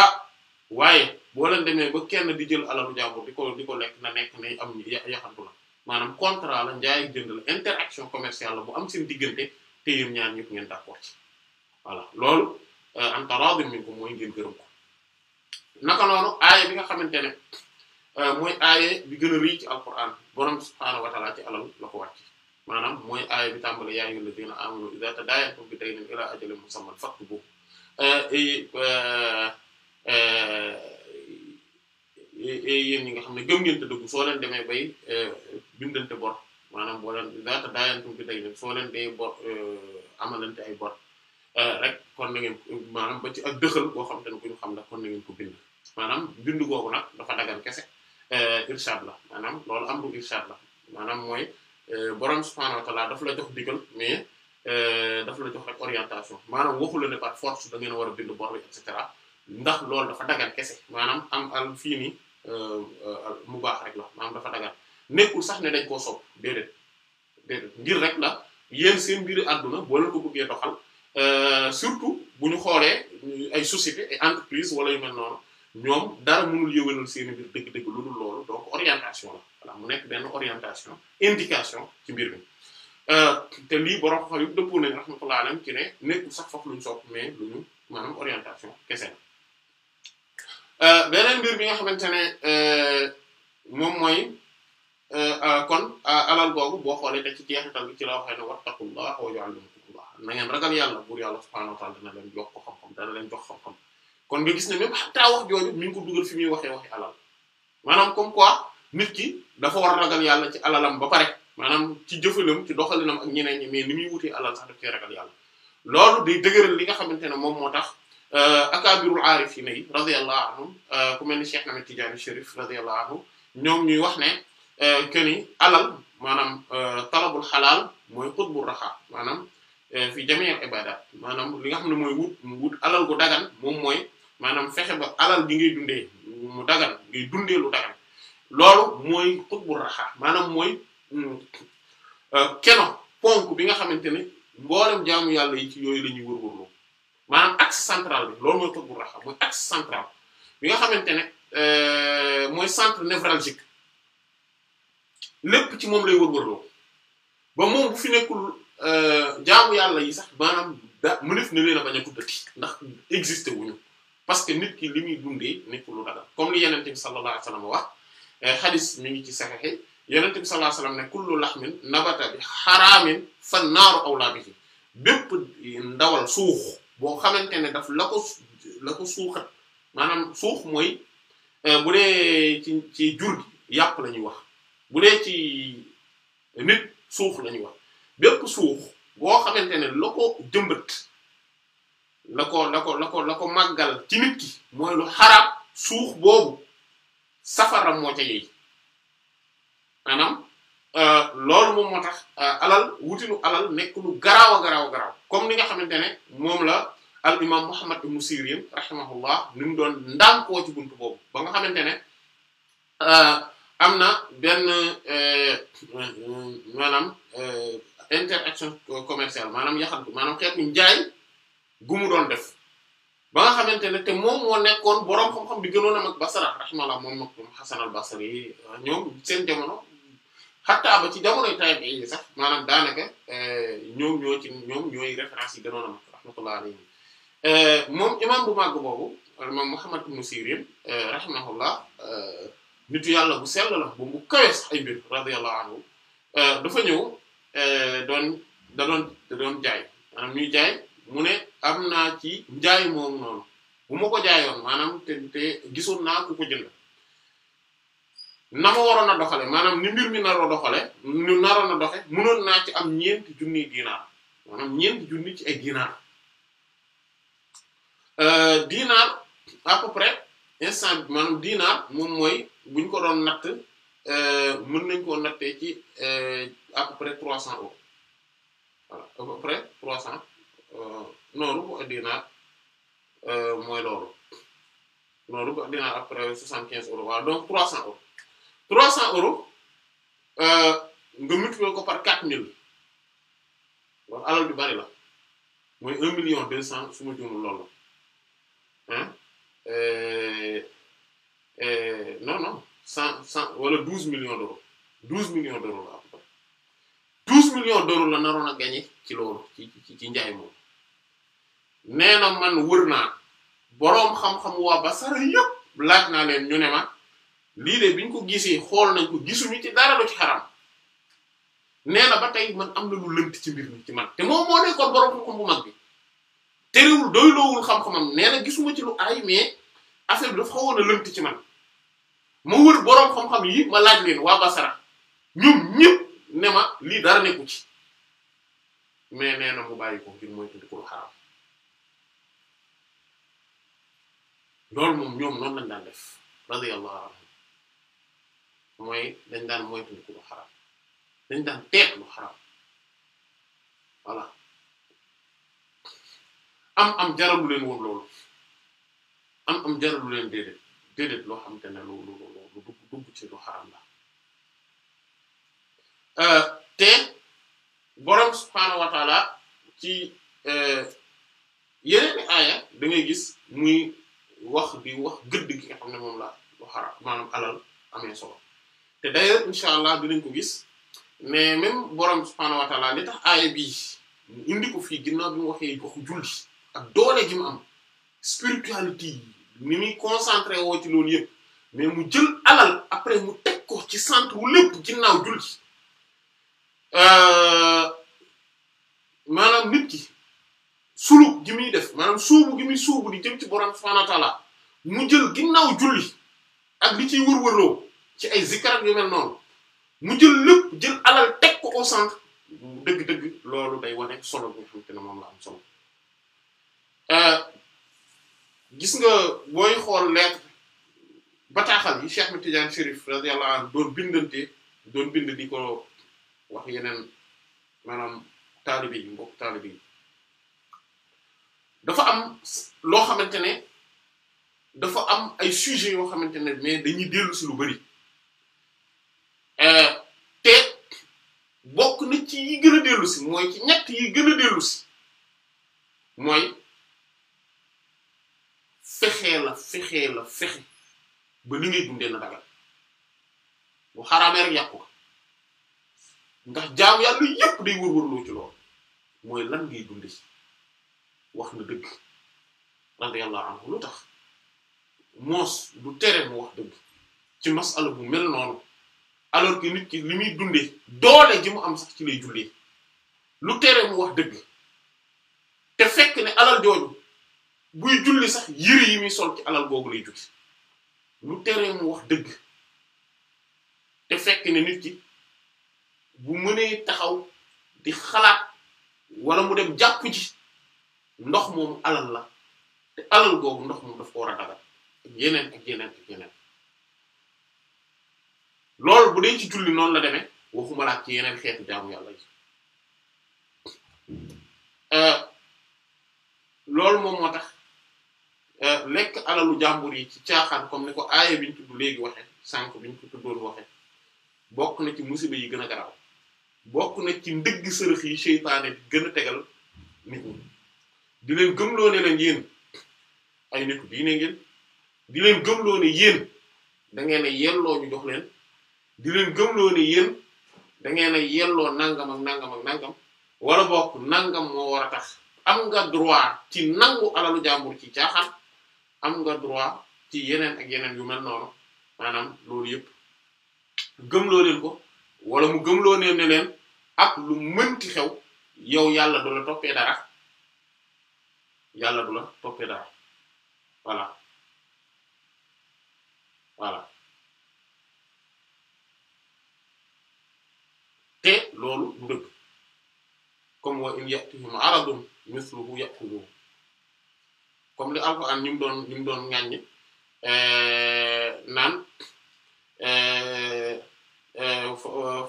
ah waaye boo leen demee ba kenn di jël alalu jàmbur di ko di ko lekk na nekk nay am yaxantu na maanaam contrat la njaay jënd la interaction commerciale la bu am seen diggante te yéen ñaar ñëpp ngeen d'accord lool voilà loolu euh, am taraadin minkum mooy ngeen gërëm naka noonu aaye bi nga xamante ne euh, mooy aaye bi gën a rëy ci alquran borom subhaanahu wa ci alal la ko maanaam mooy aaye bi tàmbale yaa ayyuhal lazina aamanu idhaa tadaayantum bi daynin ilaa ajalin musamman faktubuuh euh, yéen ñi nga xam ne gëm ngeen dëggu soo leen demee bay bindante bor maanaam boo leen daata daayantum bi day nag soo leen day bor euh, amalante ay bor euh, rek kon na ngeen maanaam ba ci ak dëxal xam te la na ngeen ko bind maanaam bindu googu nag dafa dagan kese euh, irshad la maanaam loolu amru irshad la maanaam mooy borom subhaanahu wa ta'aala la jox digal mais daf la jox rek orientation maanaam waxu la ne force da ngeen war a bind bor bi et cetera ndax loolu dafa dagan kese maanaam am al fii nii rek la maanaam dafa dagan nekkul sax ne dañ koo sopp déedéet déedéet ngir rek la yéen seen mbiri àdduna boo leen ko bëggee doxal euh, surtout bu ñu xoolee euh, ay société ay entreprise wala yu mel noonu ñoom dara mënul yëwénal seen mbir dëgg-dëgg lu dul loolu donc orientation la voilà mu nekk benn orientation indication ci mbir mi euh, te lii borom xam yëpp dëppoo nañu rahmatullah alayhim ci ne nekkul sax foofu lu ñu sopp mais lu ñu maanaam orientation kese na bi nga xamante ne moom mooy Euh, euh, kon euh, alal googu boo xoolee dañ ci jeexital bi ci la waxee ne wattaqullaha wa yu'allimukumullah na ngeen ragal yàlla buur yàlla subhaanahu wa ta'aala dina leen jox ko xam-xam dana leen jox xam-xam kon nga gis ne même xataa wax jooju mi ngi ko dugal fi muy waxee waxi alal maanaam comme quoi nit ki dafa war ragal yàlla ci alalam ba pare maanaam ci jëfalam ci doxalinam ak ñeneen ñi mais ni muy wutee alal sax daf koy ragal yàlla loolu day dëgëral li nga xamante ne moom moo tax akabirul aarif yi nayi radiyallahu anhum ku mel ni na Ahmed Tidiane Chérif radiyallahu anhu ñoom ñuy wax ne Euh, que alal maanaam euh, talabul xalaal mooy xutbu raxa maanaam euh, fi jami'al ibadat maanaam li nga xam ne mooy wut wut alal gu dagan moom mooy maanaam fexe ba alal gi ngay dundee mu dagan ngay dundee dagan loolu mooy xutbu raxa maanaam mooy mm, keno ponk bi nga xamante ne mboolem jaamu yàlla yi ci yooyu la ñuy wërwërloo maanaam axe central bi loolu mooy xutbu raxa mooy axe central bi nga xamante ne mooy centre névralgique lépp ci moom lay wër-wërloo ba moom bu fi nekkul euh, jaamu yàlla yi sax maanaam da mënef na leen a bañ a tuddati ndax existé wuñu parce que nit ki li muy dundee nekkul lu dagal comme li yenente bi sallallahu alayhi wasallam wax xadis euh, mi ngi ci saxexe yenente bi sallallahu alayhi wasallam ne kullu laxmin nabata bi xaraamin fa naaru awlaa bihi bépp ndawal suux boo xamante ne daf la ko la ko suuxat maanaam suux mooy euh, bu dee ci ci jur gi yàpp la ñuy wax bu dee ci nit suux lañu wa bépp suux boo xamante ne la ko jëmbat la ko la ko la ko la ko màggal ci nit ki mooy lu xaraam suux boobu safara moo ca yey maanaam euh, loolu moom moo tax euh, alal wutinu alal nekk lu garaaw a garaaw garaaw comme ni nga xamante ne moom la al imam Muhammad ibn Sirin rahimahullah ni mu doon ndànkoo ci bunt boobu ba nga xamante ne euh, am na benn euh, maanaam euh, interaction commerciale maanaam yaxantu maanaam xeetu njaay gu mu doon def ba nga xamante ne te moom moo nekkoon boroom xam-xam a mag Basra rahimahullah moom mag Hasan al-Basri yi euh, ñoom seen jamono xattaa ba ci jamonoy taayib yi sax maanaam daanaka ñoom ñoo ñooy référence yi gënoon a mag rahmatullah alayhi moom imam bu màgg boobu moom Muhammad ibn Sirin rahimahullah nitu yàlla bu sell la bu mu kawe sax mbir radiyallahu anhu euh, dafa ñëw euh, doon da jaay maanaam ñuy jaay mu ne am naa ci njaay moom noonu bu ma ko jaayoon maanaam te te gisoon naa ku ko jënd na waroon a doxale maanaam ni mbir mi naroo doxale ñu naroon a doxe mënoon naa ci am ñeenti junniy dinaar maanaam ñeenti junni ci ay dinaar euh, dinaar à peu près instant bi dinaar moom mooy buñ ko doon natt euh, mën nañ koo nattee ci euh, à peu près trois cents euros voilà à peu près trois cents euh, noonu bu dinaar mooy loolu noonu bu dinaar après soixante-quinze euros waaw donc trois cents euros trois cents euros nga multiplier ko par quatre mille wax alal du bari la mooy un million deux cent su ma juumul loolu ah et eh, non non cent cent wala douze millions d'euros douze millions d'euros la à peu naroon a gagné ci loolu ci njaay moom nee na man wër naa boroom xam-xam waa Basra yëpp laaj naa ne ñu ne ma lii de bi ñu ko gisee xool nañ ko gisuñu ci dara lu ci xaram nee ba tey man am na lu lënt ci mbir mi ci man te moom moo nekkoon boroom xam-xam bu mag bi terewul doyloowul xam-xamam nee gisuma ci lu aay mais bi dafa xawoon a lënt ci man. ma wër boroom xam-xam yi ma laaj leen waa Basra ñoom ñëpp ne ma lii dara nekku ci mais nee na mu bàyyi ko ngir mooy tuddi ko lu xaraam loolu moom ñoom noonu lañ daan def radiyallahu anhu mooy dañ daan mooy tuddi ko lu xaraam dañ daan teet lu xaraam voilà am am jaralu leen woon loolu am am jaralu leen déedéet déedéet loo xamante ne lu lu lu dugg dugg ci lu xaraam la euh, te borom subhaanahu wa ci euh, yeneen i aaya da gis muy wax bi wax gëdd gi nga xam ne moom la lu xaraam maanaam alal amee solo te d'ailleurs incha allah dinañ ko gis mais même borom subhaanahu wa taala tax aaya bii mu indi ko fii ginnaaw bi mu waxee waxu julli ak doole mu am spiritualité ni muy concentré wo ci loolu yëpp mais mu jël alal après mu teg ko ci centre wu lépp ginnaaw julli euh, maanaam nit ki suluk gi muy def maanaam suubu gi muy suubu di jëm ci borom subhaanahu mu jël ginnaaw julli ak li ciy wërwërloo ci ay zikar yu mel noonu mu jël lépp jël alal teg ko au centre dëgg-dëgg loolu day wane solo bi nga xamante ne moom la am solo. Euh, gis nga booy xool lettre bataaxal yi Cheikh Ahmed Tidiane Chérif radiyallahu anhu doon bindante doon bind di ko wax yeneen maanaam taalibe yi mbokk taalibe yi dafa am loo xamante ne dafa am ay sujets yoo xamante ne mais dañuy dellu si lu bari euh, te bokk na ci yi gën a dellu si mooy ci ñett yi gën a dellu si mooy fexee la fexee la fexe ba li ngay dundee na dagal bu xaraamee rek yàqu ko ndax jaamu yàlla yépp day wër-wërloo ci loolu mooy lan ngay dunde wax na dëgg radiyallahu anhu lu tax moos du tere mu wax dëgg ci masala bu mel noonu alors que nit ki li muy dunde doole ji mu am sax ci lay jullee lu tere mu wax dëgg te fekk ne alal jooju buy julli sax yëre yi muy sol ci alal googu lay julli lu teree mu wax dëgg te fekk ne nit ki bu mënee taxaw di xalaat wala mu dem jàpp ci ndox moomu alal la te alal googu ndox moom daf ko war a dagal ak yeneen ak yeneen ak yeneen loolu bu dee ci julli noonu la deme waxuma laa ci yeneen xeetu jaamu yàlla yi euh, loolu moom moo tax Euh, lekk alalu jàmbur yi ci caaxaan comme ni ko aaya biñ tudd léegi waxe sànq biñ ko tuddoon waxe bokk na ci musiba yi gën a garaaw bokk na ci ndëgg sërëx yi seytaane di gën a tegal nit ñi di leen gëmloo ne leen yéen ay nitu diine ngeen di leen gëmloo a yelloo ñu jox leen di leen gëmloo ne yéen da a yelloo nangam ak nangam ak nangam wala bokk nangam moo war a tax am nga droit ci nangu alalu jàmbur ci caaxaan am nga droit ci yeneen ak yeneen yu mel noonu maanaam loolu yëpp gëmloo leen ko wala mu gëmloo ne ne ak lu mënti xew yow yàlla du la toppee dara yàlla du la toppee dara voilà voilà te loolu du dëgg comme wa in yatihim aradun misluhu yaqubu comme li alquran ñu mu doon ñu mu doon ŋàññi eh, naan eh, eh,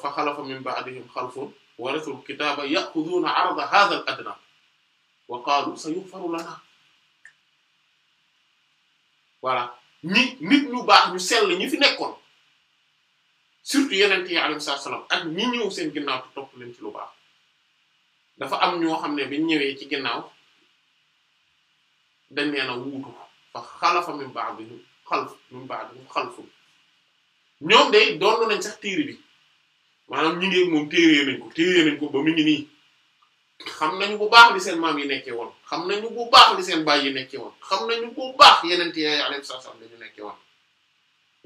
fa xalafa min ba'dihim xalfun warathul kitaaba ya'khudhuuna 'arada hadha al-adnaa wa qaalu sayughfaru lanaa voilà ñi nit ñu baax ñu sell ñi fi nekkoon surtout yeneen yi alayhi salaam ak ñi ñëw seen ginnaaw topp leen ci lu baax dafa am ñoo xam ne bi ñëwee ci ginnaaw. dañ nee na wuutu fa xalafa min ba'dihim xalf min ba'dihim xalfun ñoom day doon nañ sax téere bi maanaam ñi ngi moom téere nañ ko téere nañ ko nii xam nañu bu baax li seen maam yi nekkee woon xam nañu bu baax li seen baa yi nekkee woon xam nañu bu baax yeneen yi sa salaam dañu nekkee woon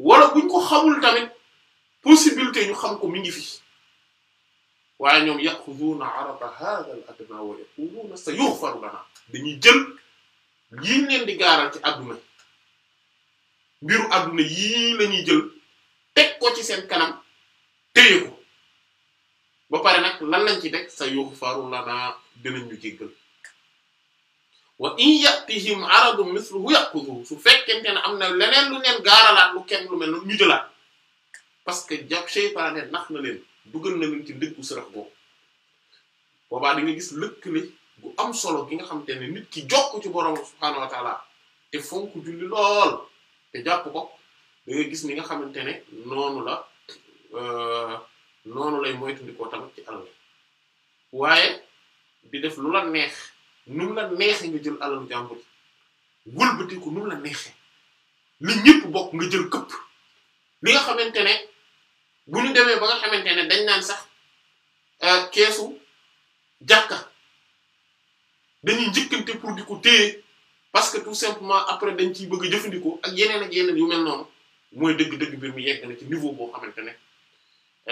wala buñ ko xamul tamit possibilité ñu xam ko mi ngi fi waaye ñoom ya'khudhuna 'arada hadha al-adna wa yaquluna sayughfar lana dañuy jël. lii leen di gaaral ci adduna mbiru adduna yii lañuy jël teg ko ci seen kanam téye ko ba pare nag lan lañ ci teg sa yughfaru lanaa dinañ ñu jéggal wa in yatihim aradun misluhu yaqudhu su fekkente ne am na leneen lu leen gaaralaat lu kenn lu mel noonu ñu jëlaat parce que jàpp seytaane nax na leen dugal na leen ci ndëggu sërëx boobu boobaa di nga gis lëkkale bu am solo gi nga xamante ne nit ki jokk ci borom subhaanahu wa taala te fonk julli lool te jàpp ko da gis ni nga xamante ne noonu la euh, noonu lay moytandikoo tamit ci alal waaye bi def lu la neex nu la neexee nga jël alalu jàmbur wëlbatiku nu mu la neexee li ñëpp bokk nga jël këpp li nga xamante ne bu ñu demee ba nga xamante ne dañ naan sax euh, keesu jàkka. dañuy njëkkante pour di ko téye parce que tout simplement après dañ ciy bëgg a jëfandikoo ak yeneen ak yeneen yu mel noonu mooy dëgg-dëgg mbir mi yegg na ci niveau boo xamante ne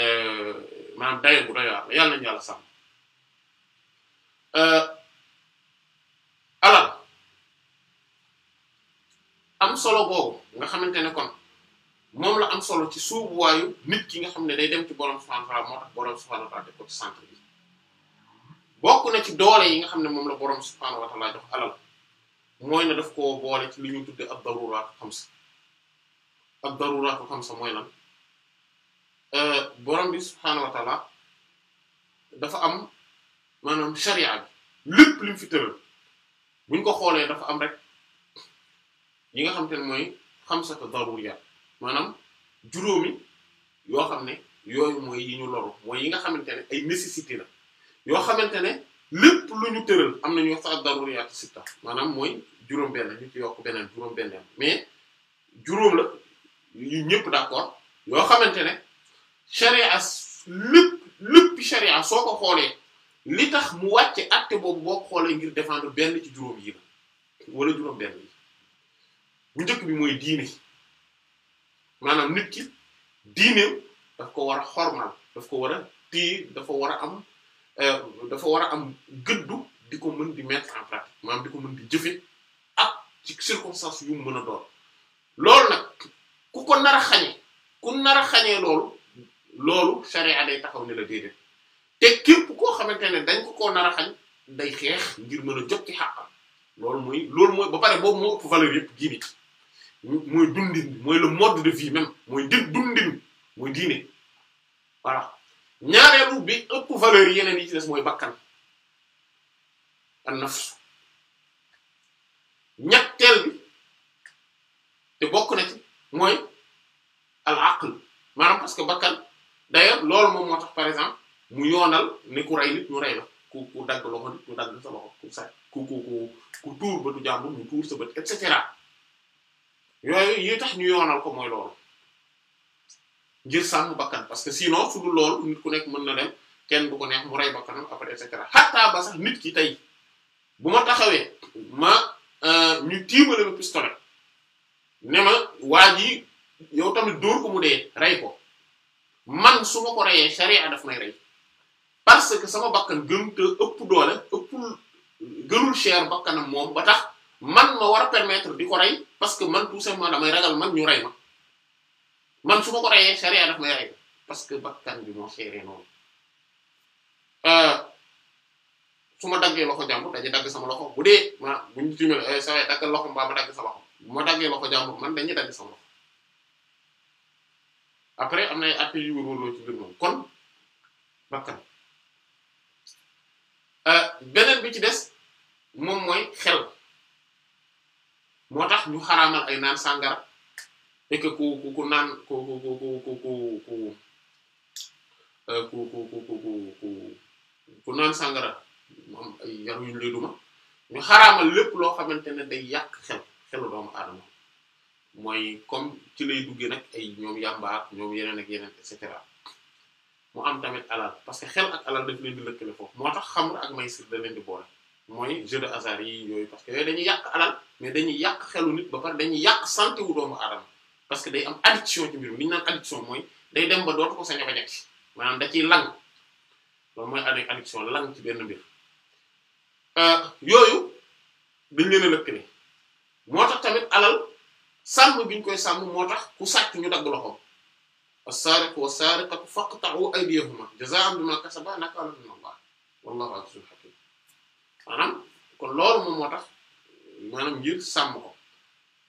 euh, maanaam dayo bu doy waar yàlla nañu yàlla sàmm euh, alal am solo boobu nga xamante ne kon moom la am solo ci suubuwaayu nit ki nga xam ne day dem ci borom subhanahu wa ta'ala moo tax borom subhanahu wa ta'ala def ko centre bi. bokk na ci doole yi nga xam ne moom la borom subhaanahu wa ta'ala jox alal mooy daf koo boole ci li ñu tudde ak daruraatu xamsa ak daruraatu xamsa mooy lan euh, borom bi subhaanahu dafa am maanaam sharia bi lépp li fi tëral buñ ko xoolee dafa am rek yi nga xam te ne mooy xamsatu daruriyaat maanaam juróomi yoo xam ne yooyu mooy yi ñu loru mooy yi nga xamante ne ay nécessité la yoo xamante ne lépp lu ñu tëral am na ñu wax fa ad-daruriyaat sitta maanaam mooy juróom-benn ñu ci yokk beneen juróom-benn mais juróom la ñu ñëpp d'accord yoo xamante ne sharia lépp lépp sharia soo ko xoolee li tax mu wàcce acte boobu boo xoolee ngir défendre benn ci juróom yi la wala juróom-benn bu njëkk bi mooy diine maanaam nit ki diine daf ko war a xormal daf ko war a téye dafa war a am. Euh, dafa war a am gëddu di ko mën di mettre en pratique maanaam di ko mën di jëfe ak ci circonstance yu mu mën a doon loolu nag ku ko nar a xañe ku nar loolu loolu charia day taxaw ne la déedéet te képp koo xamante ne dañ ko koo nar day xeex ngir mën a jot ci xàqam loolu mooy loolu mooy ba pare boobu moo ëpp valeur yëpp diine mooy dundin mooy le mode de vie même mooy di dundin mooy diine voilà ñaareelu bi ëpp valeur yeneen yi des mooy bakkan an nafs ñetteel bi te bokk na ci mooy al aql maanaam parce que bakkan d'ailleurs loolu moom moo tax par exemple mu yoonal ni ku rey nit ñu rey la ku ku dagg loxo nit ñu dagg sa loxo ku sa ku ku ku tuur bëtu jàmbur mu tuur sa bët et cetera yooyu yi tax ñu yoonal ko mooy loolu ngir sàmm bakkan parce que sinon su dul loolu nit ku nekk mën na dem kenn du ko neex mu rey bakkanam après et cetera xataa ba sax nit ki tey bu ma taxawee ma euh, ñu tiimale ma pistolet ne ma waa ji yow tamit dóor ko mu dee rey ko man su ma ko reyee sharia daf may rey parce que sama bakkan gën te ëpp doole ëpp gënul cher bakkanam moom ba tax man ma war a permettre di ko rey parce que man tout simplement damay ragal man ñu rey ma man su ma ko reyee sharia daf may rey parce que bakkan bi moo seeree noonu euh, su ma daggee loxo jàmbur dañuy dagg sama loxo bu dee ma bu ñu tiimee euh, sa waay daggal loxo mbaa ma dagg sa loxo bu ma daggee man dañuy dagg sama loxo après am na ay atte yu wóorloo ci biir moom euh, bi ci des moom mooy xel moo tax ñu xaraamal ay naan sàngara et que ku ku ku naan ku ku ku ku ku ku ku ku naan sangara mu am ay yar yu lay duma ñu xaraamal lépp loo xamante ne day yàq xel xelu doomu aadama mooy comme ci lay duggee nag ay ñoom yàmbaar ñoom yeneen ak yeneen et cetera mu am tamit alal parce que xel ak alal daf leen di lëkkale foofu moo tax xamr ak maysir da leen di boole mooy jeu de hasard yi yooyu parce que yooyu dañuy yàq alal mais dañuy yàq xelu nit ba pare dañuy yàq santé wu doomu aadama parce que day am addiction ci mbirum li ñu naan addiction mooy day dem ba dootu ko sañ a bañati maanaam da ciy lang loolu mooy ci benn mbir euh, tamit alal sàmm bi koy sàmm moo tax ku sàcc ñu dagg loxo as-sariqu was-sariqatu faqta'u aydiyahuma jazaa'an bima kasaba moom moo tax maanaam ngir sàmm ko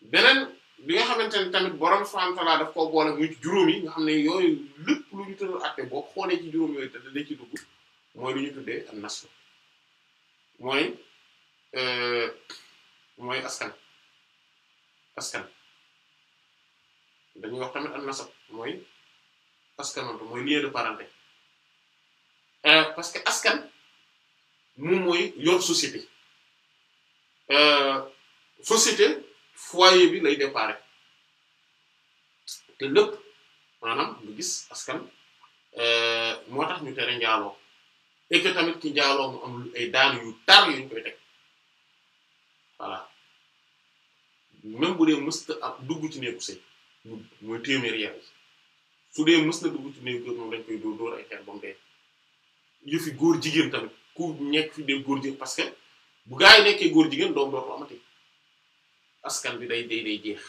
beneen bi nga xam xamante ne tamit borom subhanahu wa ta'ala daf koo boole muy juróom yi nga xam ne yooyu lépp lu ñu tëral àtte boo xoolee ci juróom yooyu te da ci mooy lu ñu tuddee ak nasl mooy euh, mooy askan askan dañuy wax tamit ak nasab mooy askanante mooy lien de euh, parce que askan moom mooy yor société euh, société foyer bi lay déparé te lépp maanaam nga gis askan euh, moo tax ñu tere njaaloo et tamit ci njaaloo mu am daan yu tar yu ñu koy teg voilà même bu dee mës na dugg ci néegu sëy mooy téeméeri yar yi su dee mës na dugg ci néegu góor moom mu góor jigéen tamit ku nekk fi dee góor jigéen parce que bu gaa yi nekkee góor jigéen doom doo ko askan bi day day day jeex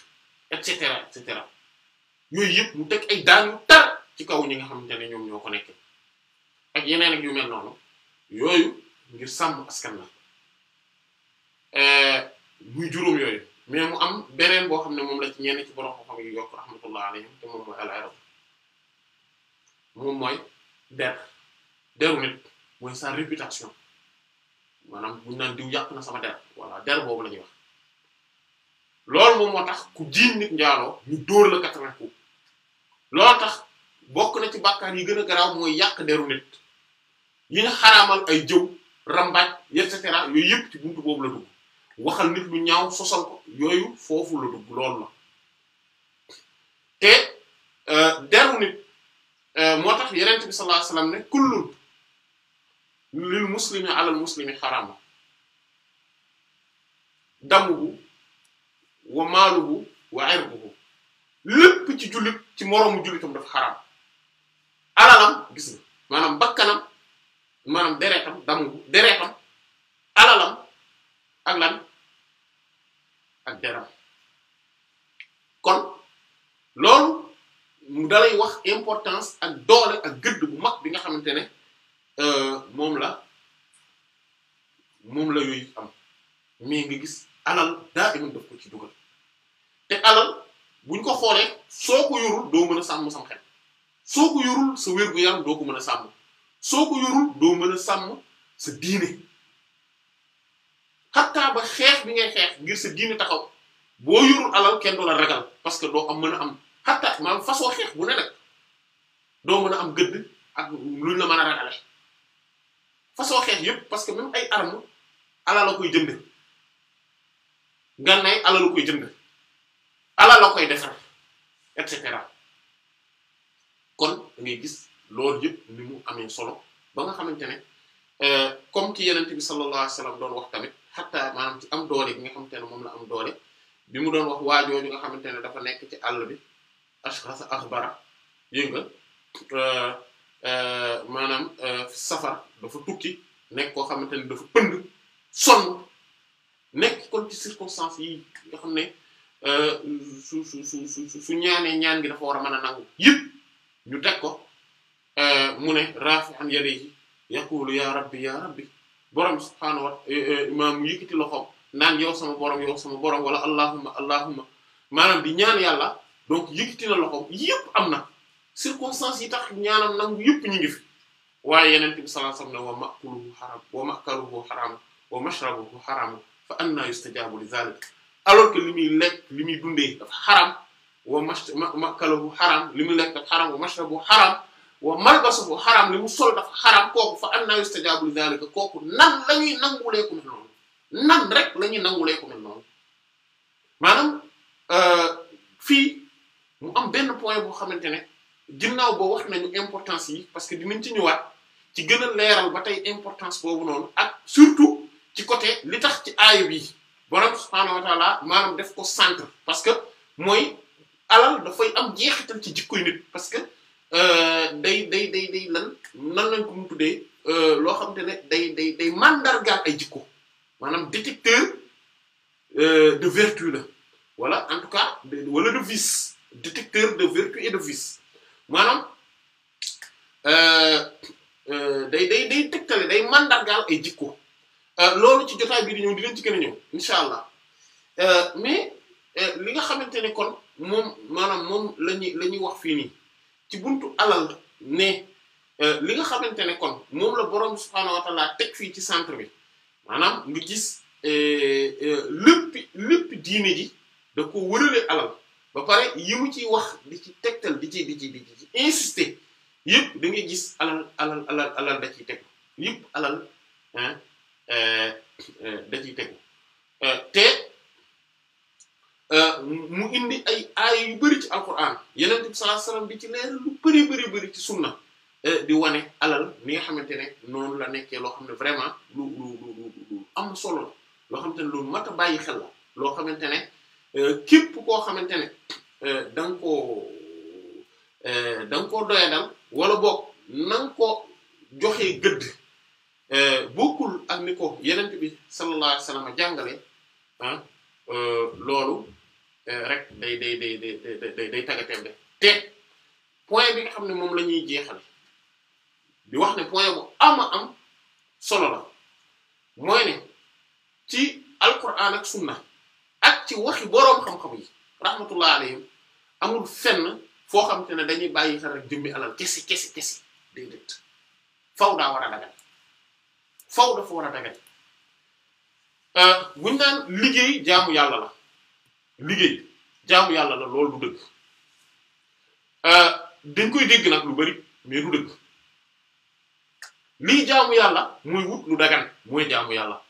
et cetera et cetera. yooyu yëpp mu teg ay daan yu tar ci kaw ñi nga xamante ne ñoom ñoo ko nekk ak yeneen ak yu mel noonu yooyu ngir sàmm askan la eh, muy juróom yooyu mais mu am beneen boo xam ne moom la ci ñenn ci borom xam-xam yi yokk rahmatullah alayhim te moom mooy al-irab moom mooy der deru nit mooy sa réputation maanaam buñ naan diw yàq na sama der voilà der boobu la ñuy wax loolu moom moo tax ku jiiñ nit njaaloo ñu dóor la quatre-vingts loolu tax bokk na ci bàkkaar yi gën a garaaw mooy yàq deru nit yi nga xaraamal ay jëw rambaaj et cetera yooyu yëpp ci buntu boobu la dugg waxal nit lu ñaaw sosal ko yooyu foofu la dugg loolu la te euh, deru nit euh, moo tax yenent bi sallallahu alayhi ne kullun lil muslimi alal muslimi xaraama damuhu wa maaluhu wa irbuhu lépp ci jullit ci moroomu jullitam dafa xaraam alalam gis nga maanaam bakkanam maanaam deretam damu deretam alalam ak lan ak deram kon loolu mu dalay wax importance ak doole ak gëdd bu mag bi nga xamante ne euh, moom la moom la yooyu am mais nga gis alal daa iman daf ko ci dugal te alal bu buñ ko xoolee soo ko yorul doo mën a sàmm sam xel soo ko yorul sa doo mën a sàmm soo ko doo mën a sàmm sa diine xattaa ba xeex bi ngeen xeex ngir sa diine taxaw boo yorul alal kenn du la ragal parce que doo am mën a am xattaa maanaam façon xeex bu ne rek doo mën a am gëdd ak luñ la mën a ragale façon xeex yépp parce que même ay armes alal la koy jënd ngànnaay alal la koy jënd ala la koy defar et cetera kon ngay gis loolu yëpp ni mu amee solo ba nga xamante ne euh, comme ci yenente bi sallallahu wa wasallam doon wax tamit xatta maanaam ci am doole bi nga xamante moom la am doole bi mu doon wax waajoo nga xamante ne dafa nekk ci àll bi ashxasa axbara yënga euh, euh, maanaam safar dafa tukki nekk koo xamante ne dafa pënd sonn nekk kon ci circonstance yi nga xam ne su su su su ñaanee ñaan gi dafa war a mën a nangu yëpp ñu teg ko euh, mu ne rafi'an yadayhi yaqulu ya rabbi ya rabbi borom subhaanahu wa euh, euh, maam yëkkati loxoom naan yow sama borom yow sama borom wala allahumma allahumma maanaam di ñaan yàlla donc yëkkati na loxoom yëpp am na circonstances yi tax ñaanam nangu yëpp ñu ngi fi waaye yeneen bi sallallahu alayhi wasallam wa haram wa ma'kaluhu haram wa mashrabuhu haram fa anna yustajabu li zalik alors que li muy lekk li muy dundee dafa xaram wa makalahu xaram li muy lekk dafa xaram wa mashrabu xaram wa malbasu xaram li mu sol dafa xaram kooku fa anna yustajabu li kooku nan la ñuy nangulee ku mel noonu nan rek la ñuy nangulee ku mel noonu maanaam euh, fii mu am benn point boo xamante ne ginnaaw boo wax nañu importance yi parce que dinañ ci ñëwaat ci gën a leeral ba tey importance boobu noonu ak surtout ci côté li tax ci aaya bi borom subhaanahu wa taala maanaam def ko centre parce que mooy alal dafay am jeexital ci jikkoy nit parce que euh, day day day day lan nan lañ ko mu tuddee euh, loo xam te ne day day day mandargaal ay jikko maanaam détecteur euh, de vertu la wala en tout cas wala de vice détecteur de vertu et de vice maanaam day day day tegtale day mandargaal ay jikko Euh, loolu ci jotaay bi di ñëw dinañ ci gën a ñëw incha allah euh, mais euh, li nga xamante ne kon moom maanaam moom lañuy la ñuy wax fii nii ci buntu alal ne li nga xamante ne kon moom la borom subhaanahu wa teg fii ci centre bi maanaam nga gis lépp lépp diine ji da ko wërale alal ba pare yi mu ciy wax di ci tegtal di ci di ci di ci insister gis alal alal alal alal da ciy teg yëpp alal Euh, euh, da ciy tegu euh, te mu indi ay aaya yu bari ci alquran yeneen bi sallallahu di ci leer lu bari bari bari ci sunna di wane alal mi nga xamante ne noonu la nekkee loo xam ne vraiment lu lu lu am solo la loo xamante ne loolu mat bàyyi xel la loo xamante ne képp koo xamante ne dang nga koo da nga koo doyadal wala boog na nga ko joxe gëdd Euh, bokkul ak ni ko yenent bi sallallahu alayhi wasallam jàngale ah euh, loolu euh, rek day day day day day de te point bi nga xam ne moom lañuy ñuy jeexale wax ne point bu ama am solo la mooy ne ci alquran ak sunna ak ci waxi boroom xam-xam yi rahmatullah alayhim amul fenn foo xam te ne dañuy bàyyi xel rek jëmmi alal kesi kese kese déedéet faw daa war a dagal faw dafa war a dagat guñ euh, naan liggéey jaamu yàlla la liggéey jaamu yàlla la lool du dëgg euh, dañ koy dégg nag lu bari mais du dëgg lii jaamu yàlla mooy wut lu dagan mooy jaamu yàlla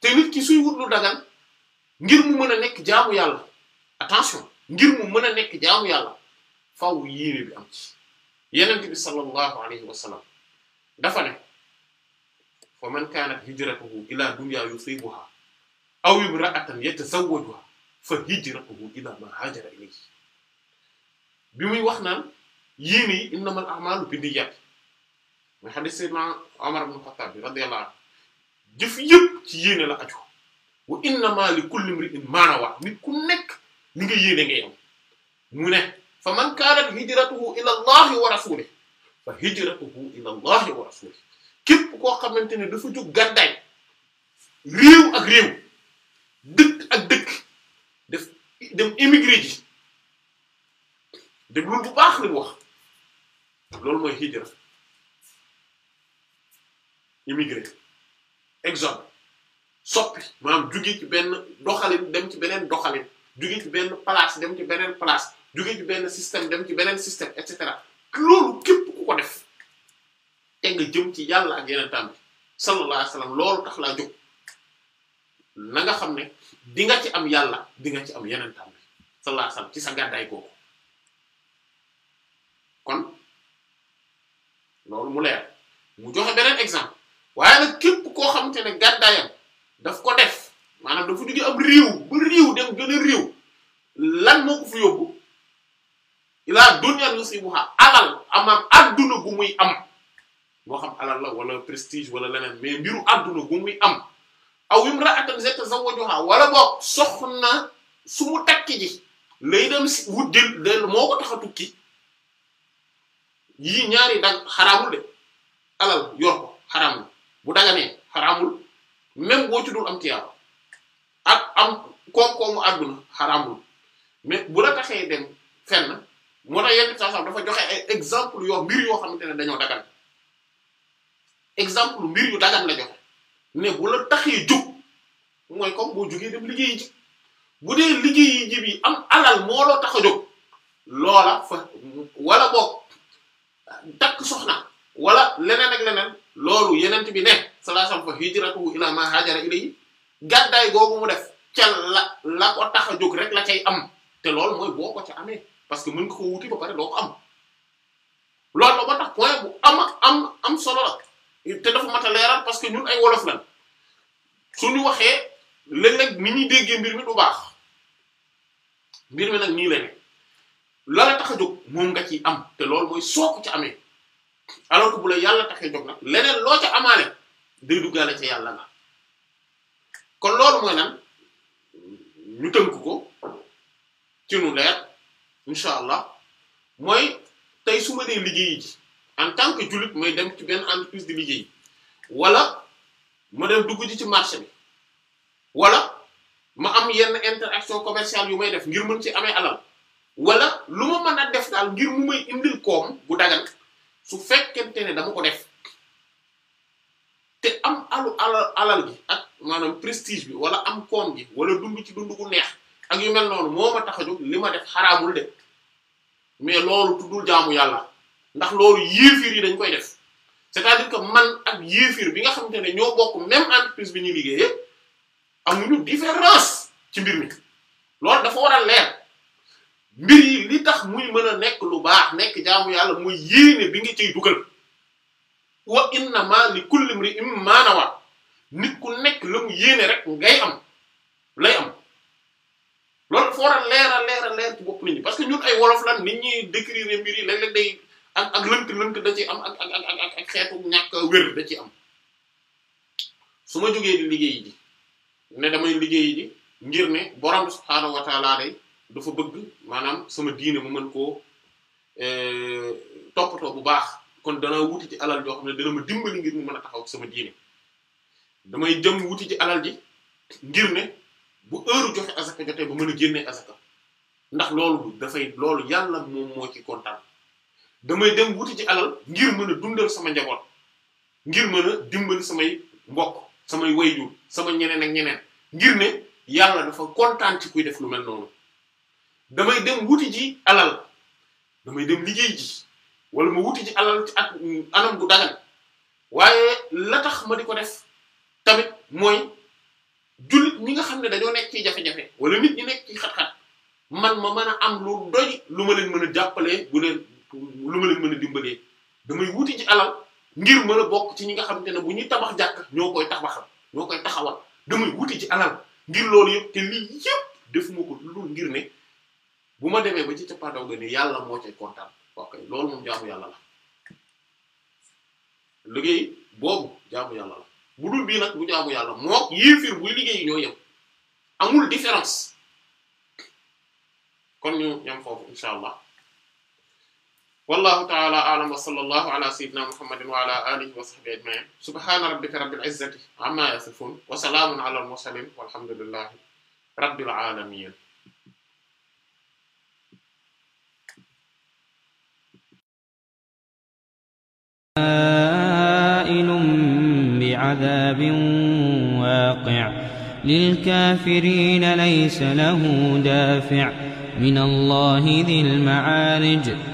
te nit ki suy wut lu dagan ngir mu mën a nekk jaamu yàlla attention ngir mu mën a nekk jaamu yàlla faaw yéene bi am yeneen bi sallallahu alayhi wa sallam dafa ne wa man kaanat hijratuhu ila dunya yusibuha aw imra'atan yatazawwajuha fa hijratuhu ila ma hajara ilayhi bi muy wax naan yéen yi innamal a'malu binniyat mooy hadith sayyidina Umar ibn Khattab radiyallahu anhu jëf yëpp ci yéene la aju wa innama li kulli imri'in ma nawa nit ku nekk li nga yéene ngay am mu ne fa man kaanat hijratuhu ila allahi wa rasulihi fa hijratuhu ila allahi wa rasulihi képp koo xamante ne dafa jóg gàddaay réew ak réew dëkk ak dëkk def dem immigré ji déglul bu baax li mu wax loolu mooy hijra immigré exemple soppi maanaam jóge ci benn doxalin dem ci beneen doxalin jóge ci benn place dem ci beneen place jóge ci benn système dem ci beneen système et cetera loolu képp ku ko def e nga jëm ci yàlla ak yenentaan bi sallallahu loolu tax laa jóg na nga xam ne di nga ci am yàlla di nga ci am yeneen bi sallallahu ci sa gàddaay googu kon loolu mu leer mu joxe beneen exemple waaye nag képp koo xamante ne gàddaayam daf ko def maanaam dafa jóge ab réew ba réew dem gën a réew lan moo ko fi yóbbu ilaa dunya yusibuha alal amaam adduna bu muy am moo xam alal la wala prestige wala leneen mais mbiru àdduna gu muy am aw imra'atan yatazawwajuha wala boog soxna su mu takki ji lay dem si wut jël del moo tax a tukki yii ñaari dag xaraamul de alal yor ko bu daganee xaraamul même boo am tiyaaba am koom-koomu àdduna xaraamul mais bu la taxee dem fenn moo tax yenn saa dafa joxe ay exemple yoo mbir yoo xamante ne dañoo dagan exemple mbir yu dagan la joxe ne bu la taxee jug mooy comme boo jugee dem liggéeyi ji dee liggéeyi ji am alal moo tax a jóg loola fa wala boog takk soxna wala leneen ak leneen loolu yenent bi ne sallallahu fa hijratu ila ma hajara ilayhi gàddaay googu mu def ca la la ko tax a jóg rek la cay am te lool mooy boo ko ca amee parce que mën nga ko wuti ba pare doo ko am loolu la ba tax point bu am am solo la. te dafa mat a leeral que ñun ay wolof lan suñu waxee léeg-léeg ni ñuy déggee mbir mi du baax mbir mi nag nii la ne lala tax a jóg moom nga ciy am te lool mooy soo ko ci amee alors que bu la yàlla taxee jóg nag leneen loo ca amaale day duggaale ca yàlla na kon loolu mooy lan ñu tënk ko ci nu leer incha allah mooy tey su ma dee liggéeyi ji en tant que jullit mooy dem ci benn entreprise di liggéey wala ma dem dugg ci ci marché bi wala ma am yenn interaction commerciale yu may def ngir mën ci amee alal wala lu ma mën a def daal ngir mu may indil koom bu dagan su fekkente ne dama ko def te am alu alal alal gi ak maanaam prestige bi wala am koom gi wala dund ci dund gu neex ak yu mel noonu moo ma tax a jóg li ma def xaraamul de mais loolu tuddul jaamu yàlla. ndax loolu yéefir yi dañ koy def c'est-à-dire que man ak yéefir bi nga xamante ne ñoo bokk même entreprise bi ñuy liggéeyee amuñu différence ci mbir mi loolu dafa war a leer mbir yi li tax muy mën a nekk lu baax nekk jaamu yàlla muy yéene bi nga ciy dugal wa innama li kulli imri'in ma nawa nit ku nekk la mu yéene rek ngay am lay am loolu dafa war a leer a leer a leer ci bopp nit ñi parce que ñun ay wolof la nit ñi décrire mbir yi léeg-léeg day ak ak lënt lënt da ciy am ak ak ak ak xeetu ñàkk wér da ciy am su ma jógee di liggéey ji ne damay liggéey ji ngir ne borom subhaanahu wa dafa bëgg maanaam sama diine ma mën koo eh, toppatoo bu baax kon danaa wuti ci alal joo xam ne dana ma dimbali ngir mu mën a taxaw sama diine damay jëm wuti ci alal ji ngir ne bu heure joxe asaka jotee ba mën a génnee asaka ndax loolu dafay loolu yàlla moom moo ci kontaan. damay dem wuti ci alal ngir mën a dundal sama njaboot ngir mën a dimbali samay mbokk samay wayjur sama ñeneen ak ñeneen ngir ne yàlla dafa kontaan ci kuy def lu mel noonu damay dem wuti ji alal damay dem liggéey ji wala ma wuti ji alal ci ak anam gu dagan waaye la tax ma di ko def tamit mooy jullit ñi nga xam ne dañoo nekk ci jafe-jafe wala nit ñi nekk ci xat-xat man ma mën a am lu doy lu ma leen mën a jàppale bu leen lu ma leen mën a dimbalee damay wuti ci alal ngir mën a bokk ci ñi nga xamante ne bu ñuy tabax jàkk ñoo koy tabaxal ñoo koy taxawal damay wuti ci alal ngir loolu yëpp te lii yëpp defuma ko lu ngir ne bu ma demee ba ci cappaandaw ga ne yàlla moo cay kontaan ok loolu moom jaamu yàlla la liggéey boobu jaamu yàlla la bu dul bii nag bu jaamu yàlla moo yéefir buy liggéey ñoo yem amul différence kon ñu ñam foofu insha allah wallahu ta'ala a'lam wa sallallahu ala sayyidina muhammadin wa ala alihi wa sahbihi ajma'in subhana rabbika rabbil izzati amma yasifun wa salamun ala al mursalin walhamdulillahi rabbil alamin سائل بعذاب واقع للكافرين ليس له دافع من الله ذي المعارج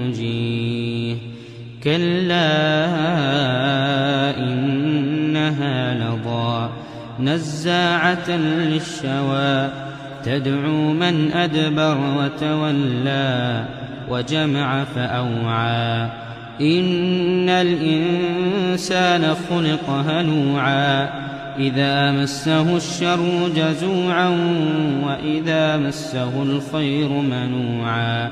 كلا إنها لضا نزاعة للشوى تدعو من أدبر وتولى وجمع فأوعى إن الإنسان خلق هلوعا إذا مسه الشر جزوعا وإذا مسه الخير منوعا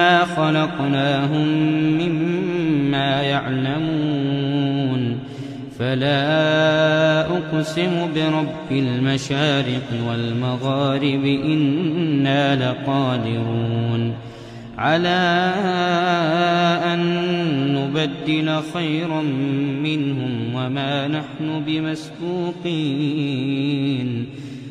إِنَّا خَلَقْنَاهُمْ مِمَّا يَعْلَمُونَ فَلَا أُقْسِمُ بِرَبِّ الْمَشَارِقِ وَالْمَغَارِبِ إِنَّا لَقَادِرُونَ على أن نبدل خيرا منهم وما نحن بمسبوقين